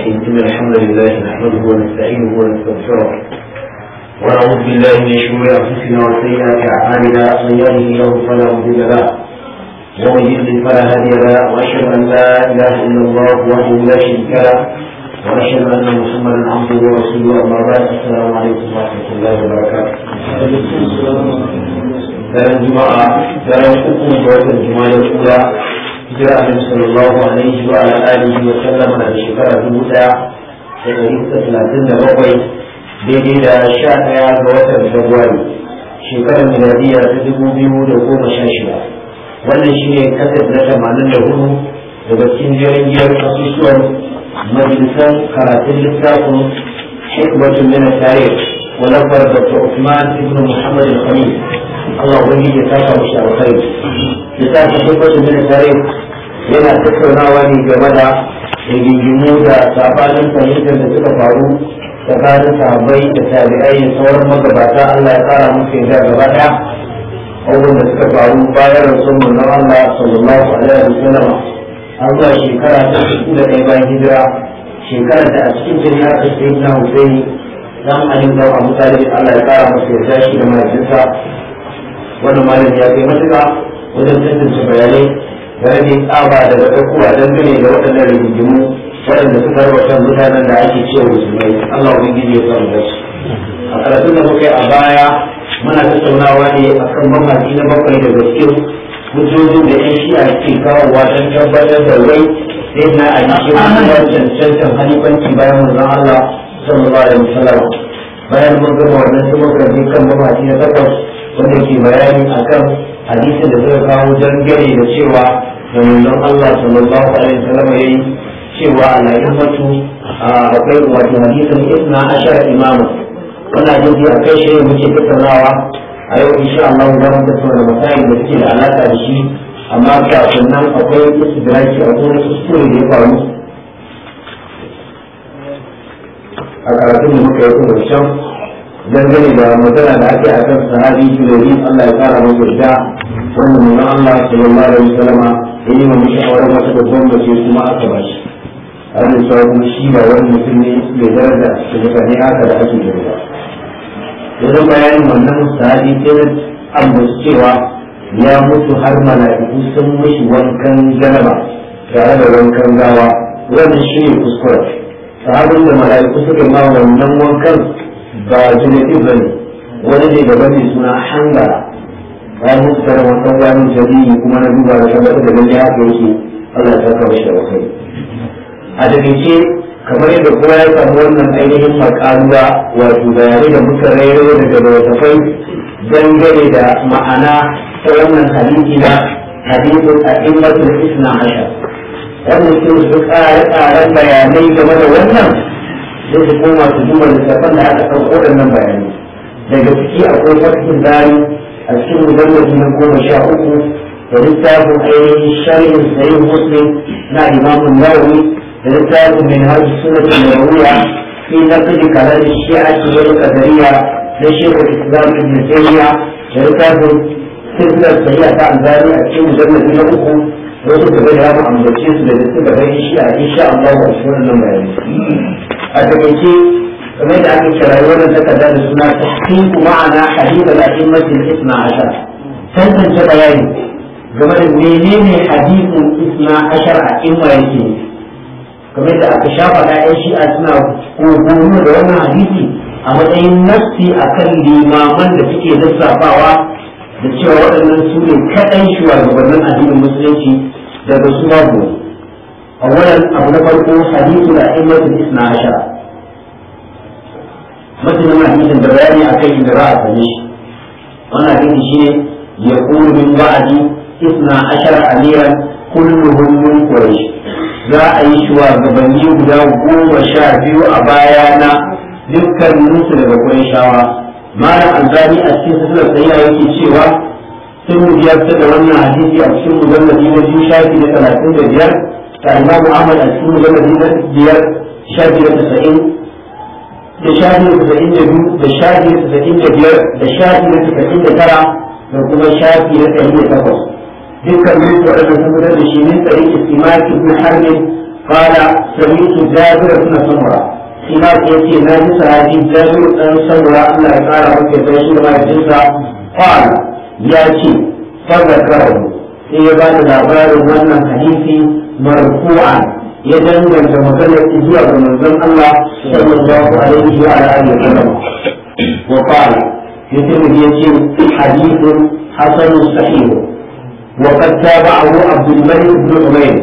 الرحيم إن الحمد لله نحمده ونستعينه ونستغفره ونعوذ بالله من شرور أنفسنا وسيئات أعمالنا من يهده الله فلا مضل له ومن يضلل فلا هادي له وأشهد أن لا إله إلا الله وحده لا شريك له وأشهد أن محمدا عبده ورسوله أما بعد السلام عليكم ورحمة الله وبركاته. دار الجماعة دار الحكم جوات الجماعة الأولى hijira annabi sallallahu alaihi wa ala alihi wa sallam da shekara dubu daya da dari da talatin da bakwai daidai da sha daya ga watan februari shekarar miladiya ta dubu biyu da goma sha shida wannan shi ne kasar na tamanin da hudu daga cikin jerin giyar kasusuwan majalisar karatun littafin hikmatun min tarikh ولفظ دكتور عثمان ابن محمد الخليل الله ولي يتابع مش الخير لتابع حبة من التاريخ yana tattaunawa ne game da rigingimu da sabanin fahimtar da suka faru tsakanin sahabbai da tabi'ai da sauran magabata Allah ya fara musu yarda gaba daya da suka faru bayan rasul manzon Allah sallallahu alaihi wa sallam har shekara ta bayan hijira shekarar da a cikin jami'a ta na Hussein idan alim da abu talib Allah ya kara masa yarda shi da mahaifinsa wannan malami ya kai matuƙa wajen tantance bayanai da rage tsaba daga dan dangane da waɗannan rigingimu waɗanda suka kan mutanen da ake cewa musulmai Allah ubangiji ya samu dace a karatun da muka yi a baya muna tattaunawa ne akan mamaki na bakwai daga cikin hujjojin da yan shi'a ke kawowa don tabbatar da wai sai na a cikin cancantan halifanci bayan manzon Allah sallallahu alaihi wasallam bayan mun gama wannan sai kan mamaci na takwas wanda ke bayani akan hadisin da suka kawo dangane da cewa da manzon Allah sallallahu alaihi wasallam yayi cewa a akwai wato hadisin isna ashara imama wannan hadisi a kai shi muke tattaunawa a yau insha Allah za mu tattauna masayin da suke da alaka da shi amma kafin nan akwai istidraki akwai wasu kuskure da ya faru a karatun da muka yi kuma shan dangane da magana da ake a kan sahabi shugabi, Allah ya kara masa da wannan nuna Allah sallallahu alaihi wasallama ya yi mamu shawarar wata babban mace kuma aka ba shi a wannan shawarar shi ba wani mutum ne mai daraja da mutane haka da ake da ba. Yanzu bayanin wannan sahabi sai ambaci cewa ya mutu har mala'iku sun mishi wankan galaba tare da wankan gawa wannan shi ne kuskure sahabin da mala'iku suka ma wannan wankan ba jinati ba ne wani ne da bane suna hangara Ba mu musu tara wani kuma na duba da tabbatar da gani haka yake Allah ta kawo shi da kai a kamar yadda kowa ya samu wannan ainihin makaruwa wato yare da muka rairo daga littattafai dangane da ma'ana ta wannan hadisi na hadisin a'immatul isna hasha wanda suke su ƙare-ƙaren bayanai game da wannan sai su koma su duba littafan da aka ɗauko waɗannan bayanai daga ciki akwai fakin dari a cikin mujallabi na goma sha uku da littafin ainihin sharhin sayin muslim na imamun nawawi da littafin min hajji sunnati nawawiya fi naqdi kalar shi'ati wal qadariyya na shekul islam ibn taymiya da littafin sirrin sahiha ta anzari a cikin mujallabi na uku wasu da ya yamu ambace su da suka bai shi a insha Allah wa shi nan bayani a takaice kamar da aka kira wannan takarda da suna tahqiqu ma'ana hadith al-a'immati al-ithna tantance bayani game da menene hadithun ithna ashar a imma yake kamar da aka shafa da ƴan shi'a suna kogo da wannan hadisi a matsayin a akan limaman da suke lissafawa da cewa waɗannan su ne kaɗan shugabannin addinin musulunci daga su a wannan abu na farko hadisu na ayyatul isna ashara mutumin hadisin da bayani akan inda da a same shi wannan hadisi shi ne ya min ba'adi isna ashara liyan kullum mun quraish za a yi shugabanni guda goma sha biyu a bayana dukkan musu daga shawa. malam albani a cikin sassan sayya yake cewa sun biya ta da wannan hadisi a cikin mujalladi na biyu shafi na talatin da biyar da imamu ahmad a cikin mujalladi na biyar shafi na tasa'in da shafi na tasa'in da biyu da shafi na tasa'in da biyar da shafi na tasa'in da tara da kuma shafi na tsari da takwas dukkan mutu waɗanda sun fitar da shi ne tsari istimaki ibn harbin قال سمعت جابر suna سمره ina ya ce na ji sahabi jabir dan samura Allah ya kara maka da shi da mahaifinsa ya ce fadakarahu sai ya ba da labarin wannan hadisi marfu'an ya danganta maganar zuwa ga manzon Allah sallallahu alaihi wa alihi wa sallam wa qal يتم يجيب حديث حسن صحيح وقد تابعه عبد الملك بن عمير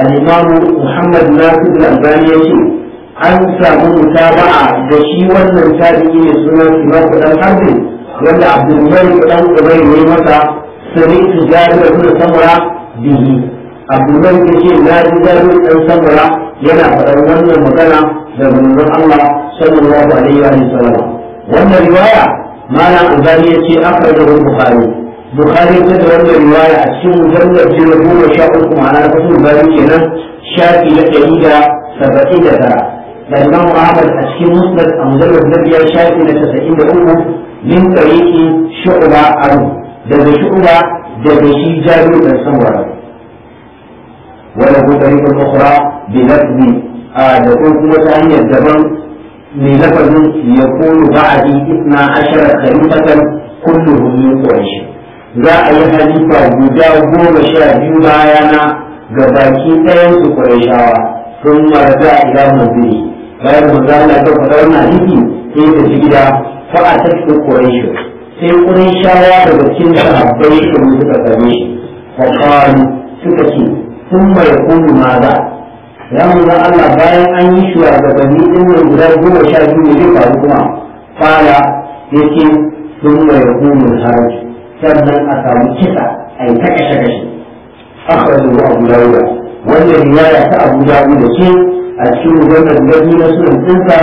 الإمام محمد ناصر الألباني يقول an samu mutaba'a da shi wannan tabi'i ne suna Imam dan Harbin wanda Abdul Malik dan ne masa sani tijari da kuma samura bihi Abdul Malik ce na ji jari dan samura yana faɗan wannan magana da manzon Allah sallallahu alaihi wa sallam wannan riwaya mana Ubani yace akhrajahu Bukhari Bukhari ta da wannan riwaya a cikin mujallar jirgin goma sha uku ma'ana ta sun bari kenan shafi na ɗari da saba'in da tara da Imam Ahmad a cikin Musnad a mujallad na biyar shafi na tasa'in da uku min tariki shu'ba aru daga shu'ba daga shi jaru da samura wala ko tariqul ukhra bi lafzi da ko kuma ta hanyar daban mai lafazin ya kulu ba'adi itna ashara khalifatan kulluhum min za a yi halifa guda goma sha biyu bayana ga baki ɗayan su qurayshawa ثم رجع إلى منزله bayan manzo Allah ya faɗa wannan hadisi sai ta tafi gida fa a tafi Quraysh sai Qurayshawa daga cikin sahabbai da suka same shi fa qalu suka ce sun mai kullu za? ya manzo Allah bayan an yi shugabanni din nan guda goma sha biyu ne zai faru kuma fara yake sun mai kullu haraj sannan a samu kisa a yi ta kashe kashe akhrajahu Abu Dawud wannan riwaya ta Abu Dawud ce a cikin wannan gani na sunan tsinka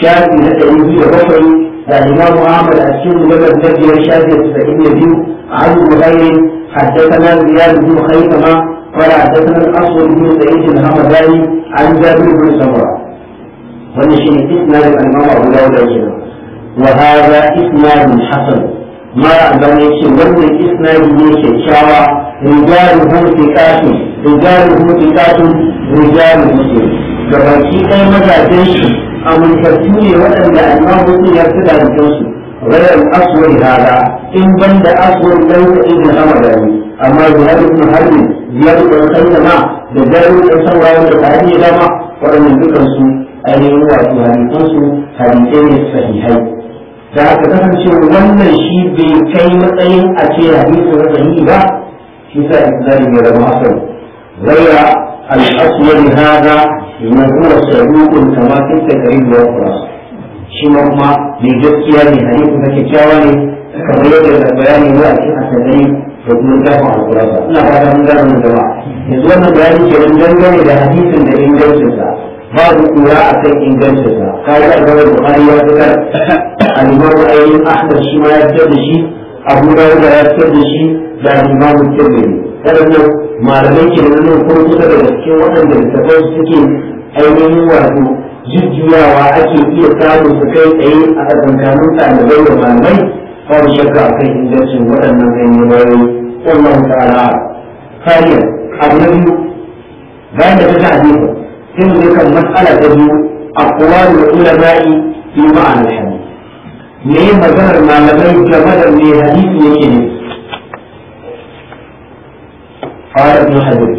shafi na ɗari biyu da bakwai da ima mu'amala a cikin wannan gani na shafi da tsaki da biyu a hannun buhari haddasa na riya da kuma haika ma wala haddasa na aso da kuma tsaye da an ja biyu kuma samuwa wannan shi ne isnadu an ma guda wuda ke nan wa haza isnadu hasan ma a zama ce wannan isnadu ne kyakkyawa rigar hutu kafin rigar hutu kafin rigar hutu kafin da baki ɗaya mazajen shi amintattu ne waɗanda annabi ya fi da su غير الأصول هذا إن بند أصول ليس إذن أمر أما da بن da زيادة الخيمة بذلك تصور وتتعدي لما وأن الفكرة أن هو في هذه حديثين صحيحين da aka kasance wannan shi bai kai matsayin a ce hadisin sahihi ba shi sa zai zama asali ghaira al-aswad hada domin huwa saduqun kama fi taqrib wa qura shi ma kuma mai gaskiya ne hadisi na kyakkyawa ne kamar yadda da bayani ne a cikin asali da kuma gafa alƙur'ani ina fata mun gane mun gaba yanzu wannan bayani ke nan dangane da hadisin da ingancinsa babu kura a kan ingancinsa kayi a gaba buhari ya fitar alimamu ainihin ahmad shi ma ya fitar da shi abu dawuda ya fitar da shi da alimamu tirmidhi waɗannan Malamai ke nan ko kusa daga cikin waɗanda littattafan suke ainihin wato jujjuyawa ake iya samun su kai tsaye a tsakankanin ɗalibai da malamai babu shakka a kan ingancin waɗannan ganyen bayoyi wannan tsara kariya abu na biyu bayan da ta ta hadisa sai mu kan mas'ala ta biyu a kowa da ulama'i fi ma'anar hadisi me maganar malamai game da me hadisi yake nufi قال ابن حجر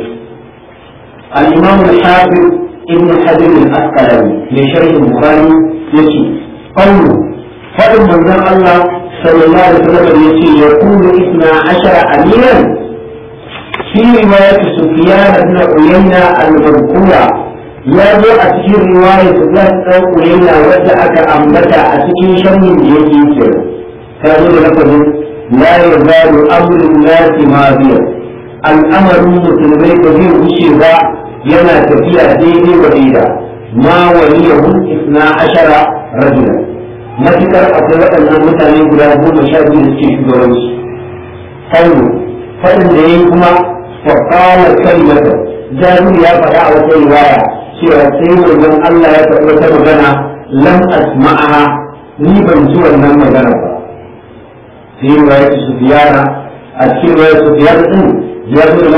الإمام الحافظ ابن حجر الأسقلاني في شرح البخاري يشي قوله فإن من الله صلى الله عليه وسلم يشي يكون اثنا عشر أميرا في رواية سفيان بن عيينة المذكورة ya zo a cikin riwaya su za su ɗauko yana wadda aka ambata a cikin shannin da yake ce ta zo da lafazin la yazalu amrun nasi ma biyar al'amarin musulmai ba zai wuce ba yana tafiya daidai wa daida ma waliyahu isna ashara rajula matukar akwai waɗannan mutane guda goma sha biyu da suke shugabanci kawo faɗin da ya yi kuma faɗawa kalmata jami'u ya faɗa a wata riwaya cewa sai wannan Allah ya faɗi wata magana lam asma'aha ni ban ji wannan magana ba sai riwaya su biyana a cikin riwaya su biyana din يقول له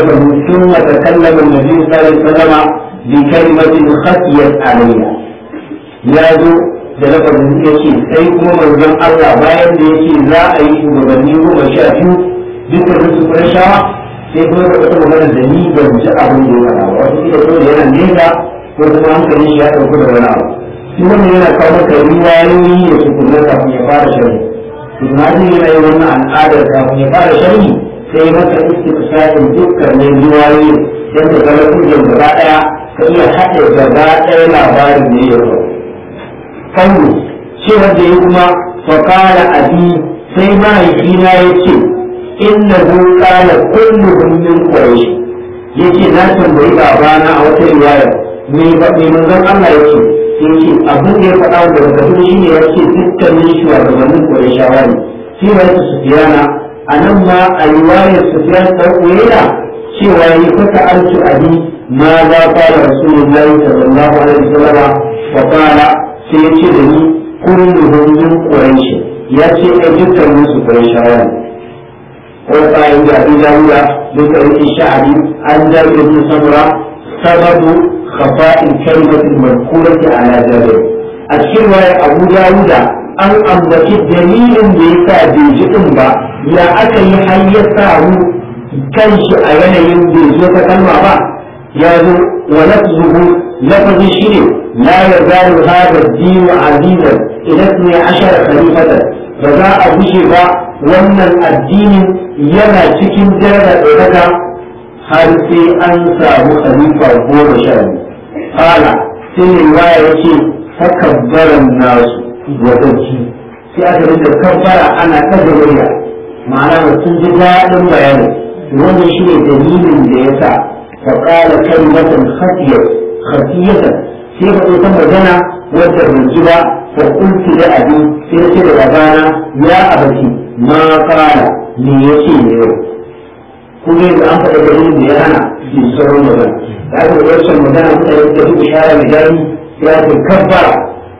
ثم تكلم النبي صلى الله عليه وسلم بكلمة خفيت علينا zo da lafazin ya ce sai kuma manzon Allah bayan da yake za a yi shugabanni goma sha biyu duka su rashawa sai kuma ka kasa da ni ban ji abin da ya faɗa ba wasu suka yana nesa ko kuma hankali shi ya ɗauki da wani abu shi wannan yana kawo ka riwayoyi kuma kafin ya fara yana yin wannan al'adar kafin ya fara sharri sai maka istifsarin dukkanin riwayoyi don ta zama kujin gaba ɗaya ka iya haɗe gaba ɗaya labarin ne ya faru fanni shi wanda ya kuma fakara abi sai mahaifina ya ce inna ƙara kana hannun kwaye, Ya ce na tambayi babana a wata riwaya me ba me manzon Allah yake ce, abin da ya faɗa da daga shi ne yake dukkanin shugabannin qurayshawa ne shi ne Sufyana a nan ma a riwayar sufiyan dan cewa yi fata an a abi ma za ka da rasulullahi sallallahu alaihi wasallam wa kana sai ya ce da ni kulluhum min quraish ya ce ai dukkan musu quraishawa ko ta kayan da abi duka yake sha'ani an da ibn samra sababu khafa'in kalimatin mankurati ala jabir a cikin wayar abu dawuda an ambaci dalilin da yasa bai ji din ba ya aka yi har ya samu kanshi a yanayin bai zo ta kalma ba ya zo wa lafzuhu lafazin shi ne la ya hada dinu azizan idan ne ashara khalifatan ba za a bushe ba wannan addinin yana cikin daraja ɗaukaka har sai an samu khalifa goma sha biyu qala sai ne ya yace takabbaran nasu wa sai aka rinka kabbara ana kaza ma'ana ba sun ji daɗin bayani wanda shi ne dalilin da ya sa ka ƙara kalmatan hatiyar hatiyatan sai ka ɗaukan magana wadda bai ji ba ka kunti da abi sai ce da gabana ya abaki ma ƙara ne ya ce ne yau kuma yanzu an faɗa dalilin da ya hana su sauran magana da aka wancan magana kuma ya tafi ishara da jami ya ce kabbara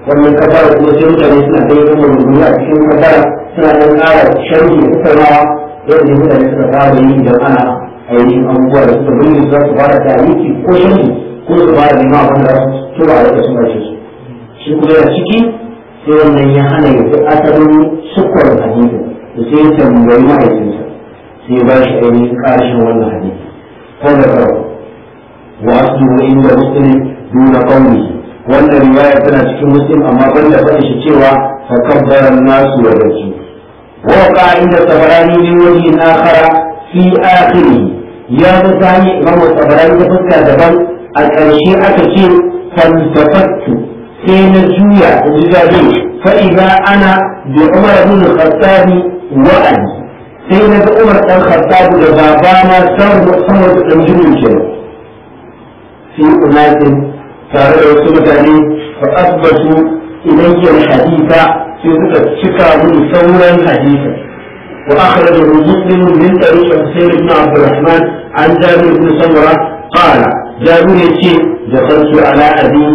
wannan kabbara kuma sai mutane suna kai yin duniya a cikin kabbara suna da ƙara sharhi da tattaunawa yadda mutane suka fara yi idan ana ainihin abubuwa da suka bayyana za su fara tarihi ko sharhi ko su fara nema abin da su tura da su bace su shi kuma yana ciki sai wannan ya hana ya fi asalin sukwar hadisi da sai ya tambayi mahaifinsa sai ba shi ainihin ƙarshen wannan hadisi kan da وأصله عند مسلم دون قومه وأن الرواية تنا تكون مسلم أما بل فإن شتوى nasu الناس ويبكي ووقع عند الطبراني من وجه آخر في آخره يا بساني إمام الطبراني تفكر دبل الأرشي تشير فالتفت سين الجوية الجزائي فإذا أنا بعمر بن الخطاب وأنا سين عمر الخطاب لبابانا سر محمد الجنة في أمات صار رسول الله فأثبتوا إلي الحديث sai suka cika mun sauran hadisin wa akhrajahu muslim min tariq husayn ibn abd alrahman an jabir ibn samura qala jabir yace dakhaltu ala abi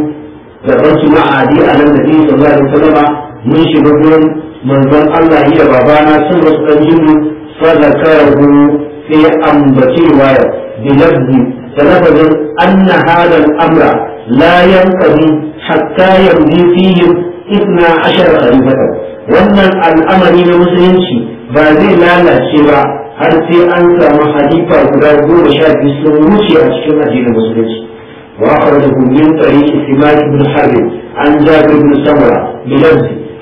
dakhaltu ma abi ala nabi sallallahu alaihi wasallam mun shiga gurin manzon Allah ya babana sun wasu dan jinni sadakarahu sai ambaci waya bilabdi da lafazin anna hadal amra la yanqadi hatta yamdi fihim اثنا عشر wannan al'amari na musulunci ba zai lalace ba har sai an samu halifa guda goma sha biyu sun wuce a cikin addinin musulunci wa akhrajahu min tariq Ismail ibn Harb an Jabir ibn Samura bi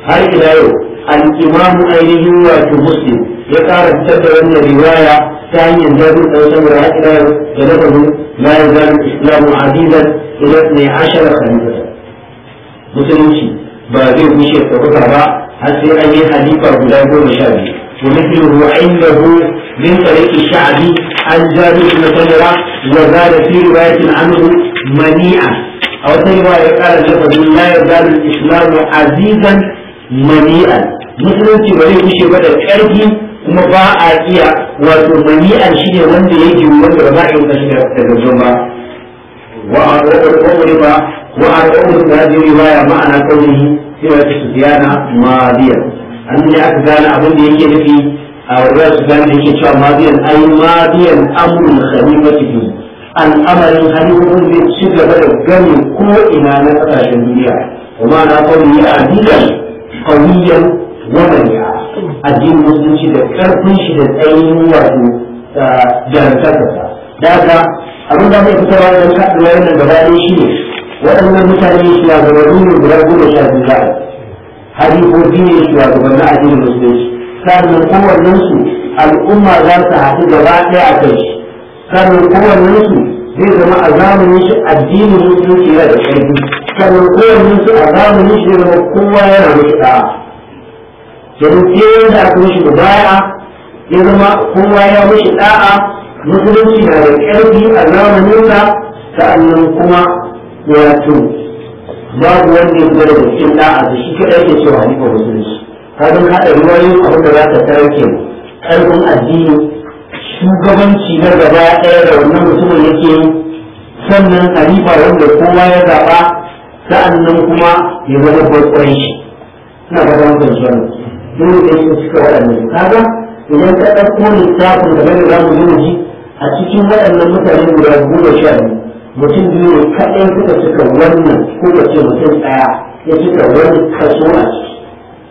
har ila yau al-imam ainihin wato Muslim ya ƙara fitar da wannan riwaya ta hanyar Jabir ibn Samura har ila yau da nazarin la yazalu islamu azizan ila 12 khalifatan musulunci ba zai kushe ɗaukaka ba har sai an yi halifa guda goma sha biyu ومثله عنده من طريق الشعبي عن جابر بن سمرة وزاد في رواية عنه منيعا أو رواية قال اللفظ لا يزال الإسلام عزيزا mani'an musulunci ba zai kushe ba da ƙarfi kuma ba a iya wato mani'an shine wanda ya yi wanda ba za yi ba ba وأقول هذه رواية معنى كونه سوى سفيان ماضيا أن أكذان أبن يجي في الرواية سفيان يجي شو ماضيا أي ماضيا أمر الخليفة فيه الأمر الخليفة فيه سوى بلغني كو إلى نفسه الدنيا ومعنى قوله عزيزا قويا ومنيعا الدين المسلم شدة كرب شدة أي وعد جانتك ذاك أبن دعوة كتابة ويسعد ويسعد ويسعد waɗannan mutane ya shugabanni ne guda goma sha biyu za a harifofi ne shugabanni addinin musulunci sannan kowannen su al'umma za su haɗu gaba ɗaya a kai shi sannan kowannen su zai zama a zamanin shi addinin musulunci yana da ƙarfi sannan kowannen su a zamanin shi zama kowa yana musu ɗa'a domin sai wanda aka mishi baya ya zama kowa ya mashi ɗa'a musulunci na da ƙarfi a zamanin sa sa'annan kuma wato ya turu babu wanda ya fita cikin da'a da shi kaɗai ke cewa ni ba wajen shi kaga mun haɗa ruwayoyi abin da za ka tarar ƙarfin addini shugabanci na gaba ɗaya da wannan mutumin yake yi sannan halifa wanda kowa ya zaɓa sa'annan kuma ya zama babban shi ina ga zama kan zuwa dole da su cika waɗannan kaga idan ka ɗauko lissafin da zai zamu yi a cikin waɗannan mutane guda goma sha biyu mutum biyu kaɗai suka cika wannan ko da ce mutum ɗaya ya cika wani kaso a ciki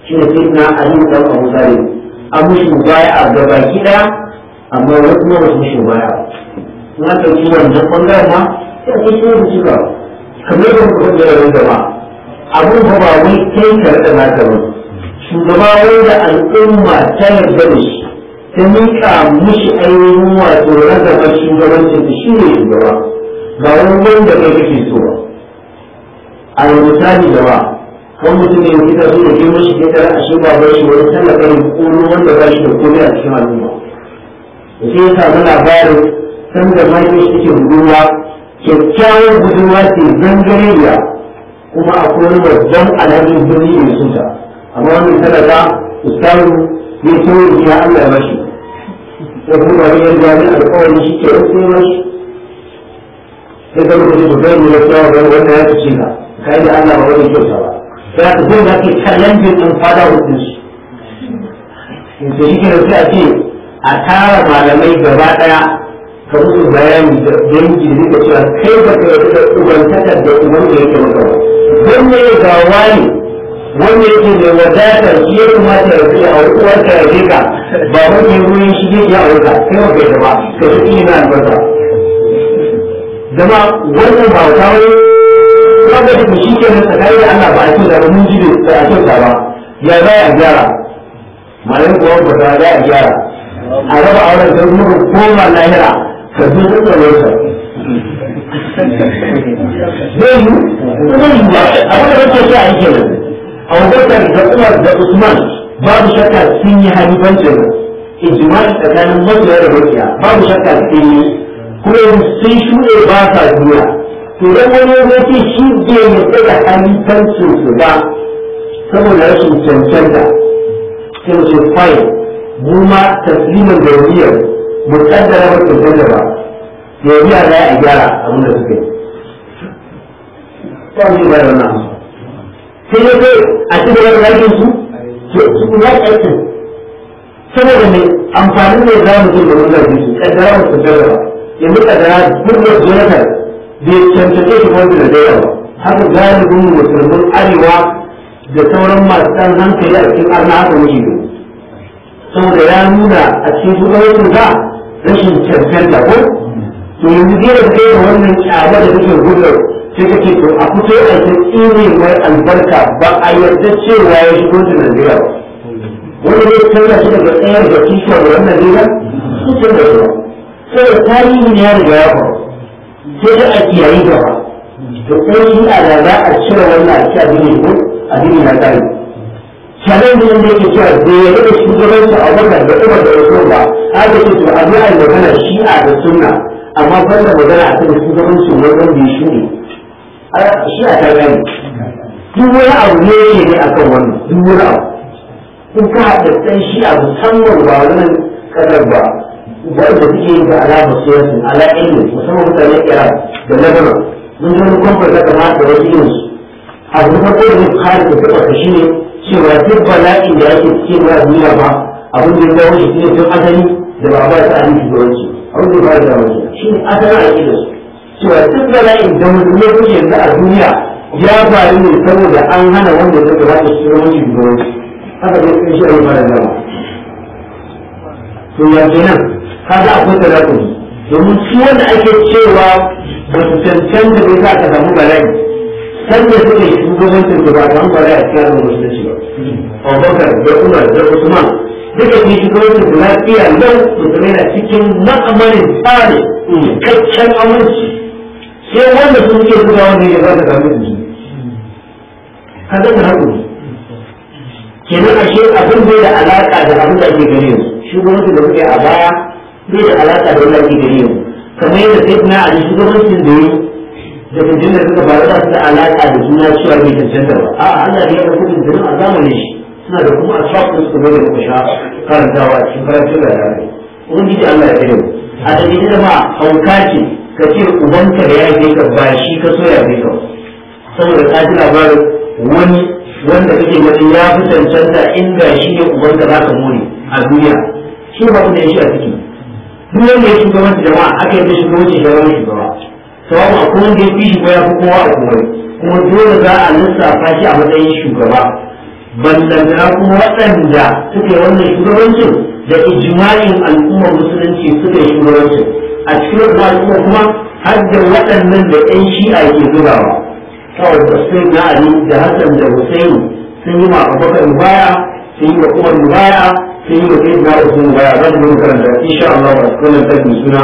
shi ne sai na ali dan abu zalim an mushi baya a gaba kiɗa amma wani kuma ba su mushi baya na ci wannan ɓangaren ma sai a cikin yin cika kamar yadda kuma ɗaya wani gaba abin ba ba wai kai ka rika na ka ba shugaba wanda al'umma ta yarda da shi ta miƙa mushi ainihin wato rarraba shugabancin da shi ne shugaba Ga wani da kai kake so ba a yanzu tani da ba kan mutum ne kita so da girman shi kita a shi ba bai shi wani tallaka ne kono wanda ba shi da komai a cikin al'umma da sai ya samu labarin sanda mai shi ke ruwa kyakkyawar gudunwa ce zangariya kuma akwai wani babban alhajin birni mai sunta amma wani talaka ustaru ne ta wuri ya Allah ya bashi da kuma wani yadda ne alƙawarin shi ke rufe mashi sai ka rubuta su kai ne da wanda ya ci ka kai da Allah ba wani kyauta ba sai ka zai ba ke challenge din fada hudun su in sai shi da sai a ce a tara malamai gaba daya ka musu bayani da yanki da cewa kai ba ka yi da ubantakar da uban da yake maka ba wanda ya ga wani wanda yake mai wadatar shi ya kamata ya fiye a uwarka ya ka ba wani ruwan shi ya yi a wuka kai ba kai da ba ka shi ina albarka zama wannan ba ta wani kuma da shi ke nan tsakanin Allah ba a kyauta ba mun ji da a kyauta ba ya za a gyara malin kuwa ba za a gyara a raba auren da kuma koma lahira ka zo da tsawarsa zai yi kuma yi ba abin da kake so a yi kenan a wajen da kuma da Usman babu shakka sun yi halifancin ijma'i tsakanin mazuwa da makiya babu shakka sun yi ko sun shuɗe ba sa jura to dan wani ya ce shi bai mutu da kan su ba saboda rashin cancanta sai mu ce fine mu ma taslimin gauriyar mu kaddara ba cancanta ba gauriya za a gyara abin da suka yi sai ne bayar sai ne sai a ci gaba da aikin su su ya aikin saboda ne amfani ne za mu je da wani zarfi su kaddara ba cancanta ba yanzu ka ga birnin jonathan bai cancace shi wanda da daya ba haka galibin musulmin arewa da sauran masu ɗan hankali a cikin arna haka wuce ne saboda ya nuna a cikin shugabancin za rashin cancanta ko to yanzu zai da kai da wannan kyama da take gudar sai ka ce to a fito a ta tsine mai albarka ba a yarda cewa ya shigo da Najeriya ba wani ne canza shi daga ɗaya da kishiyar wannan ne ba su canza shi ba sai tarihin ya riga ya faru sai ake kiyaye gaba da ko shi a da za a cire wannan a ci abin ne abin ya tsari challenge ne da yake cewa da ya rika shugabanci a wannan da kuma da rasul ba da ce to a mai magana shi'a da sunna amma da magana a kan shugabancin wannan bai shi ne shi ta gani duk wani abu ne ya ne akan wannan duk wani abu in ka haɗa shi a musamman ba wannan kadar ba wanda suke yin ga alama siyasi ala ilmi musamman mutane kira da lebanon mun yi kwamfan da kama da wasu yin su a na farko da kare da taɓa ta shine cewa duk bala'in da yake cikin ba duniya ba abin da ya zama shi ne sun asali da ba ba ta abin shugabanci abin da ba da wani shi ne asalin a da su cewa duk bala'in da mutum ya kuke yanzu a duniya ya faru ne saboda an hana wanda ya shi ba shugabanci haka dai sun shi a yi ba da dama to ya nan. kaga akwai tanakuri domin su wanda ake cewa ba su cancanta bai sa ka samu bala'i sanda suke shugabancin su ba a samu bala'i a cikin alamun musulunci ba abubakar da umar da usman duka ne shugabancin su lafiya nan musulmai na cikin ma'amarin tsari cikakken aminci sai wanda sun ke kuma wanda ya ba da samu da su ta tanakuri kenan ashe abin bai da alaƙa da abin da ake gani yanzu shugabancin da muke a baya bai da alaƙa da wannan gari yau kamar yadda sai na a shugabancin da yau da kajin da suka bayar su da alaƙa da juna cewa bai cancanta ba a Allah ne ya karɓi jinjirin a zamanin shi suna da kuma a shafin su ne da kuma sha karantawa a cikin karatun da rana da Allah ya tsaye a tafiye da ma hauka ce ka ce ubanka da ya yi ka ba shi ka so ya yi ka saboda ka ji labarin wani wanda kake wani ya fi cancanta in ga shi ne ubanka za ka more a duniya shi ba ku ya shi a ciki duk wanda ya shugaban jama'a aka yi shugabanci da wani shugaba sawa a kuma da ya fi shugaba ya fi kowa a kuma kuma dole za a lissafa shi a matsayin shugaba ballantana kuma waɗanda suka yi wannan shugabancin da ijima'in al'ummar musulunci suka yi shugabancin a cikin wannan al'umma kuma har da waɗannan da 'yan shi'a ke zubawa kawai da na ali da hassan da Hussaini sun yi ma abubakar baya sun yi wa umar baya sai yi sai na wasu mu baya zan yi karanta insha Allah wa sunan tafi suna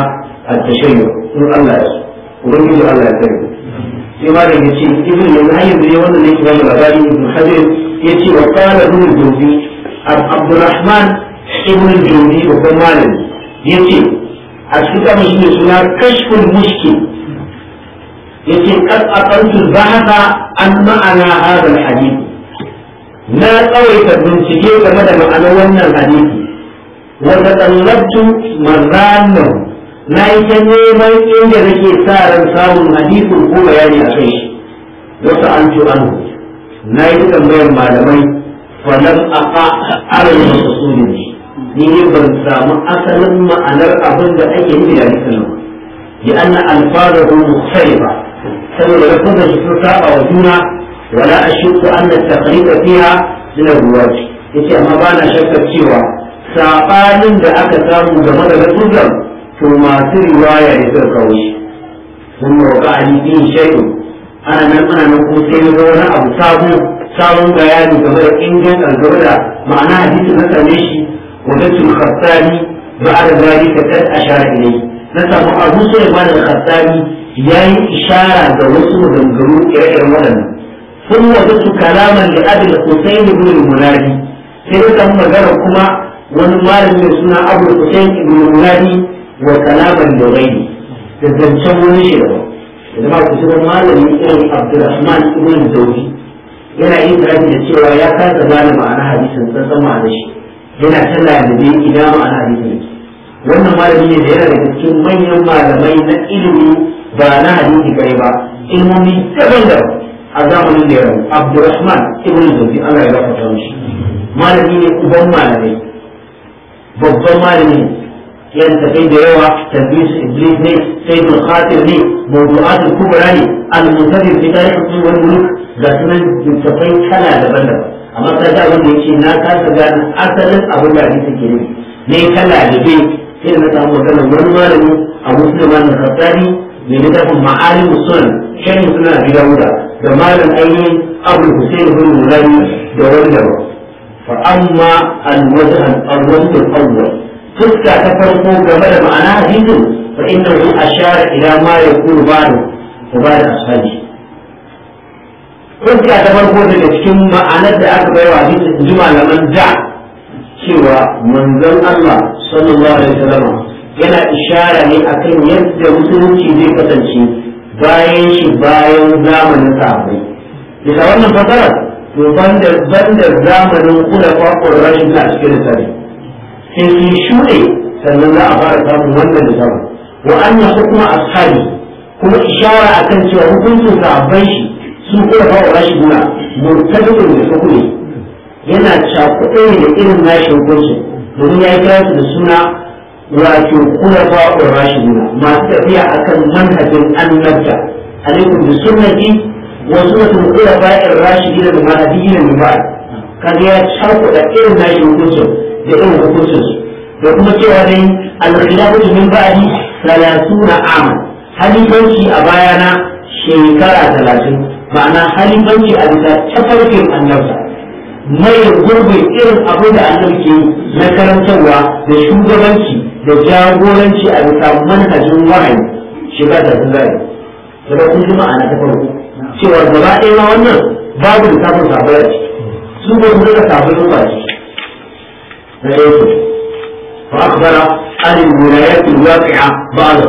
at-tashayyu in Allah ya so ubangiji Allah ya tsare sai ma da yace ibn yanzu har yanzu ne wannan ne ke bamu labari ibn hajar yace wa qala ibn jawzi abdurrahman ibn yace a cikin kamar shi ne suna kashful mushkil yace kad aqantu zahaba an ma'ana hadha al-hadith na tsawaita bincike game da ma'anar wannan hadisi wanda tsallabtu marrano na yi ta neman inda nake sa ran samun hadisin ko bayani a kai shi wasu an ci an na yi ta tambayar malamai falam a ƙarar su sunan shi ni ne ban samu asalin ma'anar abin da ake nufi da hadisin nan ya mu alfarahu ba, saboda lafazin su sun saba wa juna wala ashku anna at-taqlid fiha min ar-ruwat yace amma ba na shakkar cewa da aka samu game da rasulullah to masu riwaya ne suka kawo shi sun roƙa an yi ana nan ana nan ko sai na wani abu sabo sabon bayani game da ingancin game da ma'ana hadisi a same shi وجدت الخطابي بعد ذلك قد أشار إليه نسأل أبو سليمان الخطابي يأي إشارة دوسه من قلوب إلى إرمالنا sun wajattu kalaman da abin sosai ibn al-munadi sai ya samu magana kuma wani malami mai suna abu sosai ibn al-munadi wa kalaman da ne. da zancen wani shi da da ma ku zama malami irin abdurrahman ibn Zauri, yana yin tarihi da cewa ya kasa gane ma'ana hadisin san san ma'ana shi yana tana da bai ina ma'ana hadisin wannan malami ne da yana da cikin manyan malamai na ilimi ba na hadisi kai ba ilmomi daban-daban a zamanin da ya rayu abdurrahman ibn zubi allah ya gafarta mishi malami ne uban malami. babban malami yan tafai da yawa tanbis iblis ne sayyidul khatir ne mawdu'atul kubra ne al-muntadir fi tarikh muluk ga sunan tafai kala daban-daban amma ta da wanda da yake na kasa gane asalin abin da hadisi ke ne ne kala da bai sai na samu magana wani malami a musulman na kasari mai littafin ma'alim sunan shan suna bi dawuda da malam ainihin abu hussein bin mulani da wanda ba fa amma al-wajh al-awwal al-awwal fuska ta farko game da ma'ana hadisin fa innahu ashara ila ma yakunu ba'da wa ba'da ashabi fuska ta farko daga cikin ma'anar da aka bayar hadisin in ji malaman da cewa manzon Allah sallallahu alaihi wasallam yana ishara ne akan yadda musulunci zai kasance bayan shi bayan zamanin sahabbai bisa wannan fasara to banda banda zamanin kula kwakwar rashin a cikin lissafi sai sun shuɗe sannan za a fara samun wannan lissafin wa anna hukuma ashabi kuma ishara akan cewa hukuncin sahabban shi su kula kwakwar rashin guna murtadin da hukumi yana cakuɗe da irin nashi hukuncin domin ya yi kira da suna wato kuna fa'ur rashidina masu tafiya akan manhajin annabta alaikum bi sunnati wa sunnatul khulafa'ir rashidina da mahdiyina min ba'd kaga ya tsauko da irin nashi hukuncin da irin hukuncin da kuma cewa dai al-khilafatu min ba'di 30 am halifanci a bayana shekara 30 ma'ana halifanci a bisa tafarkin annabta mai gurbin irin abin da annabi ke na karantarwa da shugabanci da jagoranci a bisa manhajin wahayi shiga da sun da ba kun ji ma'ana ta farko cewa gaba ɗaya ma wannan babu da samun sabai a ciki su ba su daga sabai ba ciki na ɗaya su fa akbara an wilayat alwaqi'a ba'da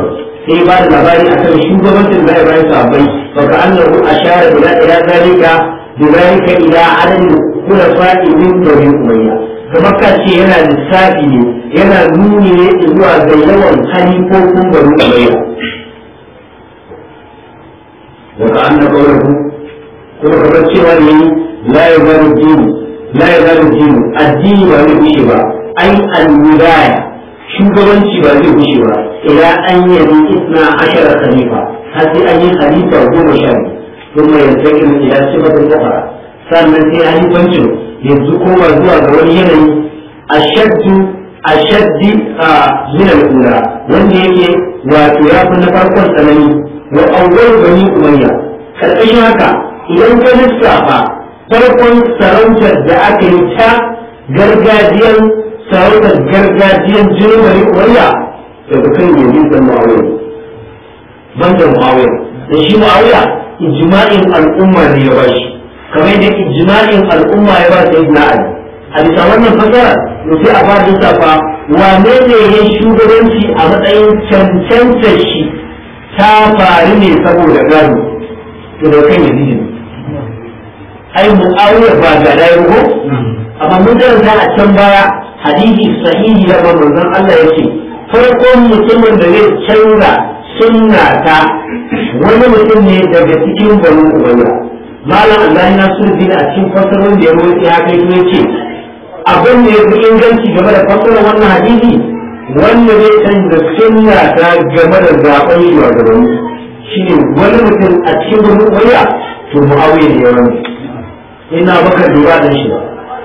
sai ba da labari akan shugabancin da ya bayan sabai fa ka annahu ashara bila ila zalika bi zalika ila adadin Kuna fa'i min bari umayya kamar ka ce yana lissafi ne yana nuni ne zuwa ga yawan ko kun bari umayya wa ka anna qawluhu kuma kamar cewa ne la zaru din la zaru din addini ba zai gushe ba ai al-wilaya shugabanci ba zai gushe ba ila an yazi isna ashara khalifa har sai an yi khalifa goma sha biyu ثم ينتقل ba ta اخرى sannan sai ya yi bancin yanzu koma zuwa ga wani yanayi a shaddu a zina da kura wanda yake wato ya fi na farkon tsanani wa awwal gani umarya karkashin haka idan ka lissafa farkon sarautar da aka yi ta gargajiyar sarautar gargajiyar jinin bani umayya kan yanzu da mu'awiya da da shi mu'awiya ijma'in al'umma ne ya bashi kamar yadda ijma'in al'umma ya ba sai na ali a bisa wannan fasara to sai a fara lissafa wane ne ya shugabanci a matsayin cancantar shi ta faru ne saboda gado to da kan yanzu ai mu'awiya ba ga dai ko amma mun ga a can baya hadisi sahihi da manzon Allah yake farkon mutumin da zai canza sunna ta wani mutum ne daga cikin banu ubayya malam Allah na so dina a cikin fasarar da ya roƙi ya kai kuma ce abin da ya fi inganci game da fasarar wannan hadisi wanda zai canza sunna ta game da zaɓen shi shine wani mutum a cikin wani waya to mu'awiya ne ya rami sai na baka lura da shi ba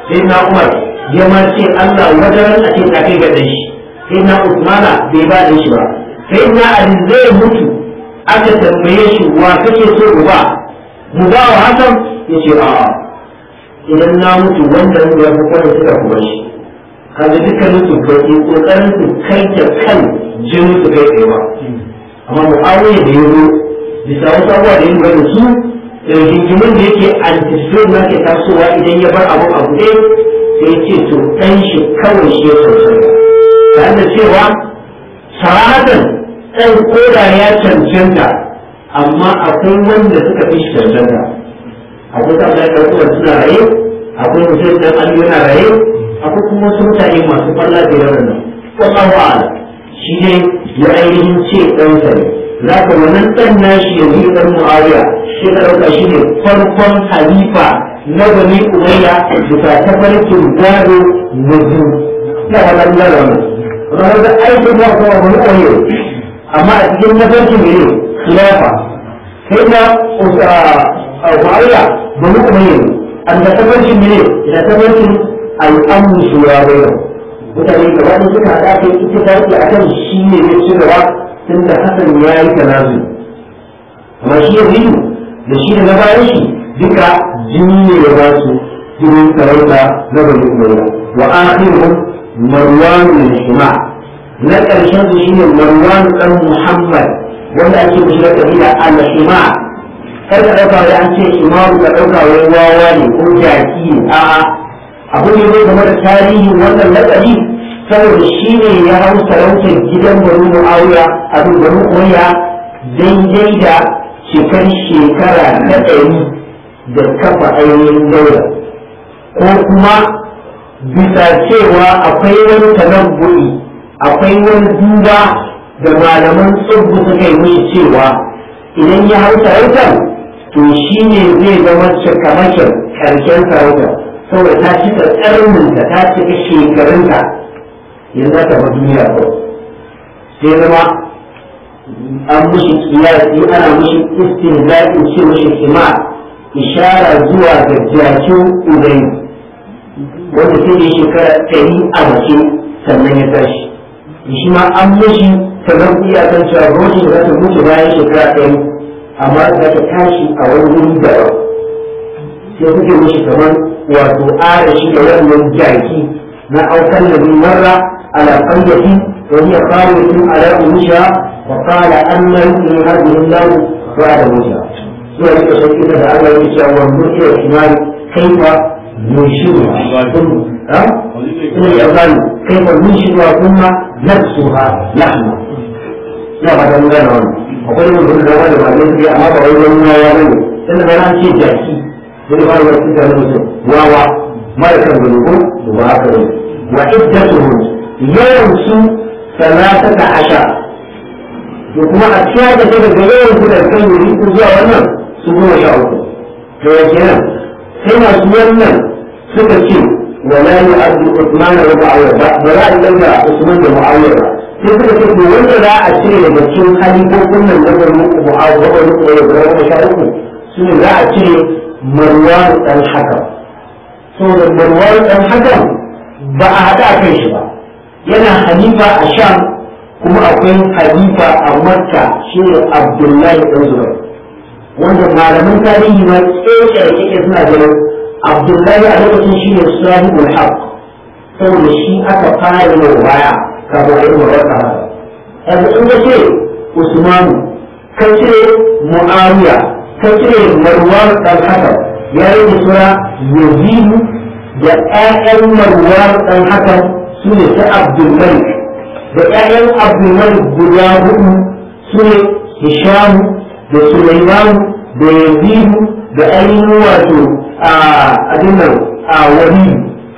sai na umar ya ma ce Allah wajen a ce ta kai ga shi sai na usmana bai ba da shi ba sai na ali zai mutu aka tambaye shi wa kake so uba mubawa hakan ya ce a'a idan na mutu wanda ya fi su suka kuma shi duka dukkanin su kai kokarin su kai da kan jini su kai tsaye Amma mu mu'awiya da ya zo bisa wasu abubuwa da yin su da rigimin da yake anticipate na ke tasowa idan ya bar abu abu ne sai ce to ɗan shi kawai shi ya sosai ta da cewa saratan ɗan koda ya cancanta amma akwai wanda suka fi shi cancanta akwai ta da kuma suna raye akwai mutum da ali yana raye akwai kuma wasu mutane masu falla da yawan nan wallahu a'ala shi ne ya ainihin ce ɗansa ne za ka wannan ɗan nashi yanzu ya ɗan mu'awiya shi ka ɗauka shi ne farkon halifa na bani umayya ta tafarkin gado na zu na wannan lalama. Rahar da aikin ba kuma amma a cikin tafarkin ne khilafa sai na wariya ba mu kuma yin an da tabbacin ne da tabbacin al'amu shura bai yau mutane gaba da suka haɗa kai tafi a kan shi ne ya ci inda tun da ya yi tanazu amma shi ya riyu da shi da na bayan shi duka jini ya ba su na bani umayya wa na ƙarshen su shine muhammad wanda ake kusa da kabila al-ima kar ka dauka wai an ce imamu ka dauka wai wawa ne ko jaki ne a abu ne zai game da tarihin wannan lakabi saboda shi ne ya hau sarautar gidan banu mu'awiya abin banu umayya daidai da shekar shekara na ɗari da kafa ainihin daura ko kuma bisa cewa akwai wani tanabbu'i akwai wani duba da malaman tsubbu suka yi cewa idan ya hau sarautar to shi ne zai zama cikamakin karshen sarautar saboda ta cika tsarninta ta cika shekarunta yanzu ta duniya ko sai zama an mushi kiyasi ana mushi istin zaɓin ce mushi kima ishara zuwa ga jakin uzayi wanda sai shekara ɗari a bakin sannan ya tashi shi ma an mushi sannan ku iya san cewa gwamnati za ta mutu bayan shekara ɗaya amma za ta tashi a wani wuri daban sai kuke mishi kamar wato ara shi da wannan jaki na aukan da bin marra ala qaryati wa hiya qaryatun ala umusha wa qala har yu'minu hadhihi ba da ala Musa sura ta sauki da Allah ya ce wa mutiya shimali kaifa mun wa kullu ha kuma ya kai fa nushiru na su ha lahma na ba don gane wani akwai yin wani zama da malamai su yi amma ba wai wani wawa ba ne sai da zama ce jaki wani ba wani cuta na mutum wawa mara kan gudu ko da ba haka ne wa idda su hun yawan su sanata ta asha da kuma a cikin da daga ga yawan su da kan yuri ku zuwa wannan su goma sha uku to ya kenan sai masu wannan suka ce ولا يؤدي عثمان ومعاوية بل لا يؤدي عثمان ومعاوية sai suka ce to wanda za a cire da cikin halifofin nan na bari muku ba a bari muku ya bari muku sha uku su ne za a cire marwan dan haka da marwan dan haka ba a haɗa a kai shi ba yana halifa a sham kuma akwai halifa a makka shi ne abdullahi dan zubair wanda malaman tarihi ma tsakiyar kike suna ganin abdullahi a lokacin shi ne sahibul haq saboda shi aka fara yin baya saboda irin wadda ta haka in ka ce usmanu ka ce mu'awiya ka ce marwan dan ya yi sura yazidu da ƴaƴan marwan dan hasan su ne ta Abdullahi, da ƴaƴan Abdullahi guda hudu su ne hisham da sulaiman da yazidu da ainihin wato a adinan a wani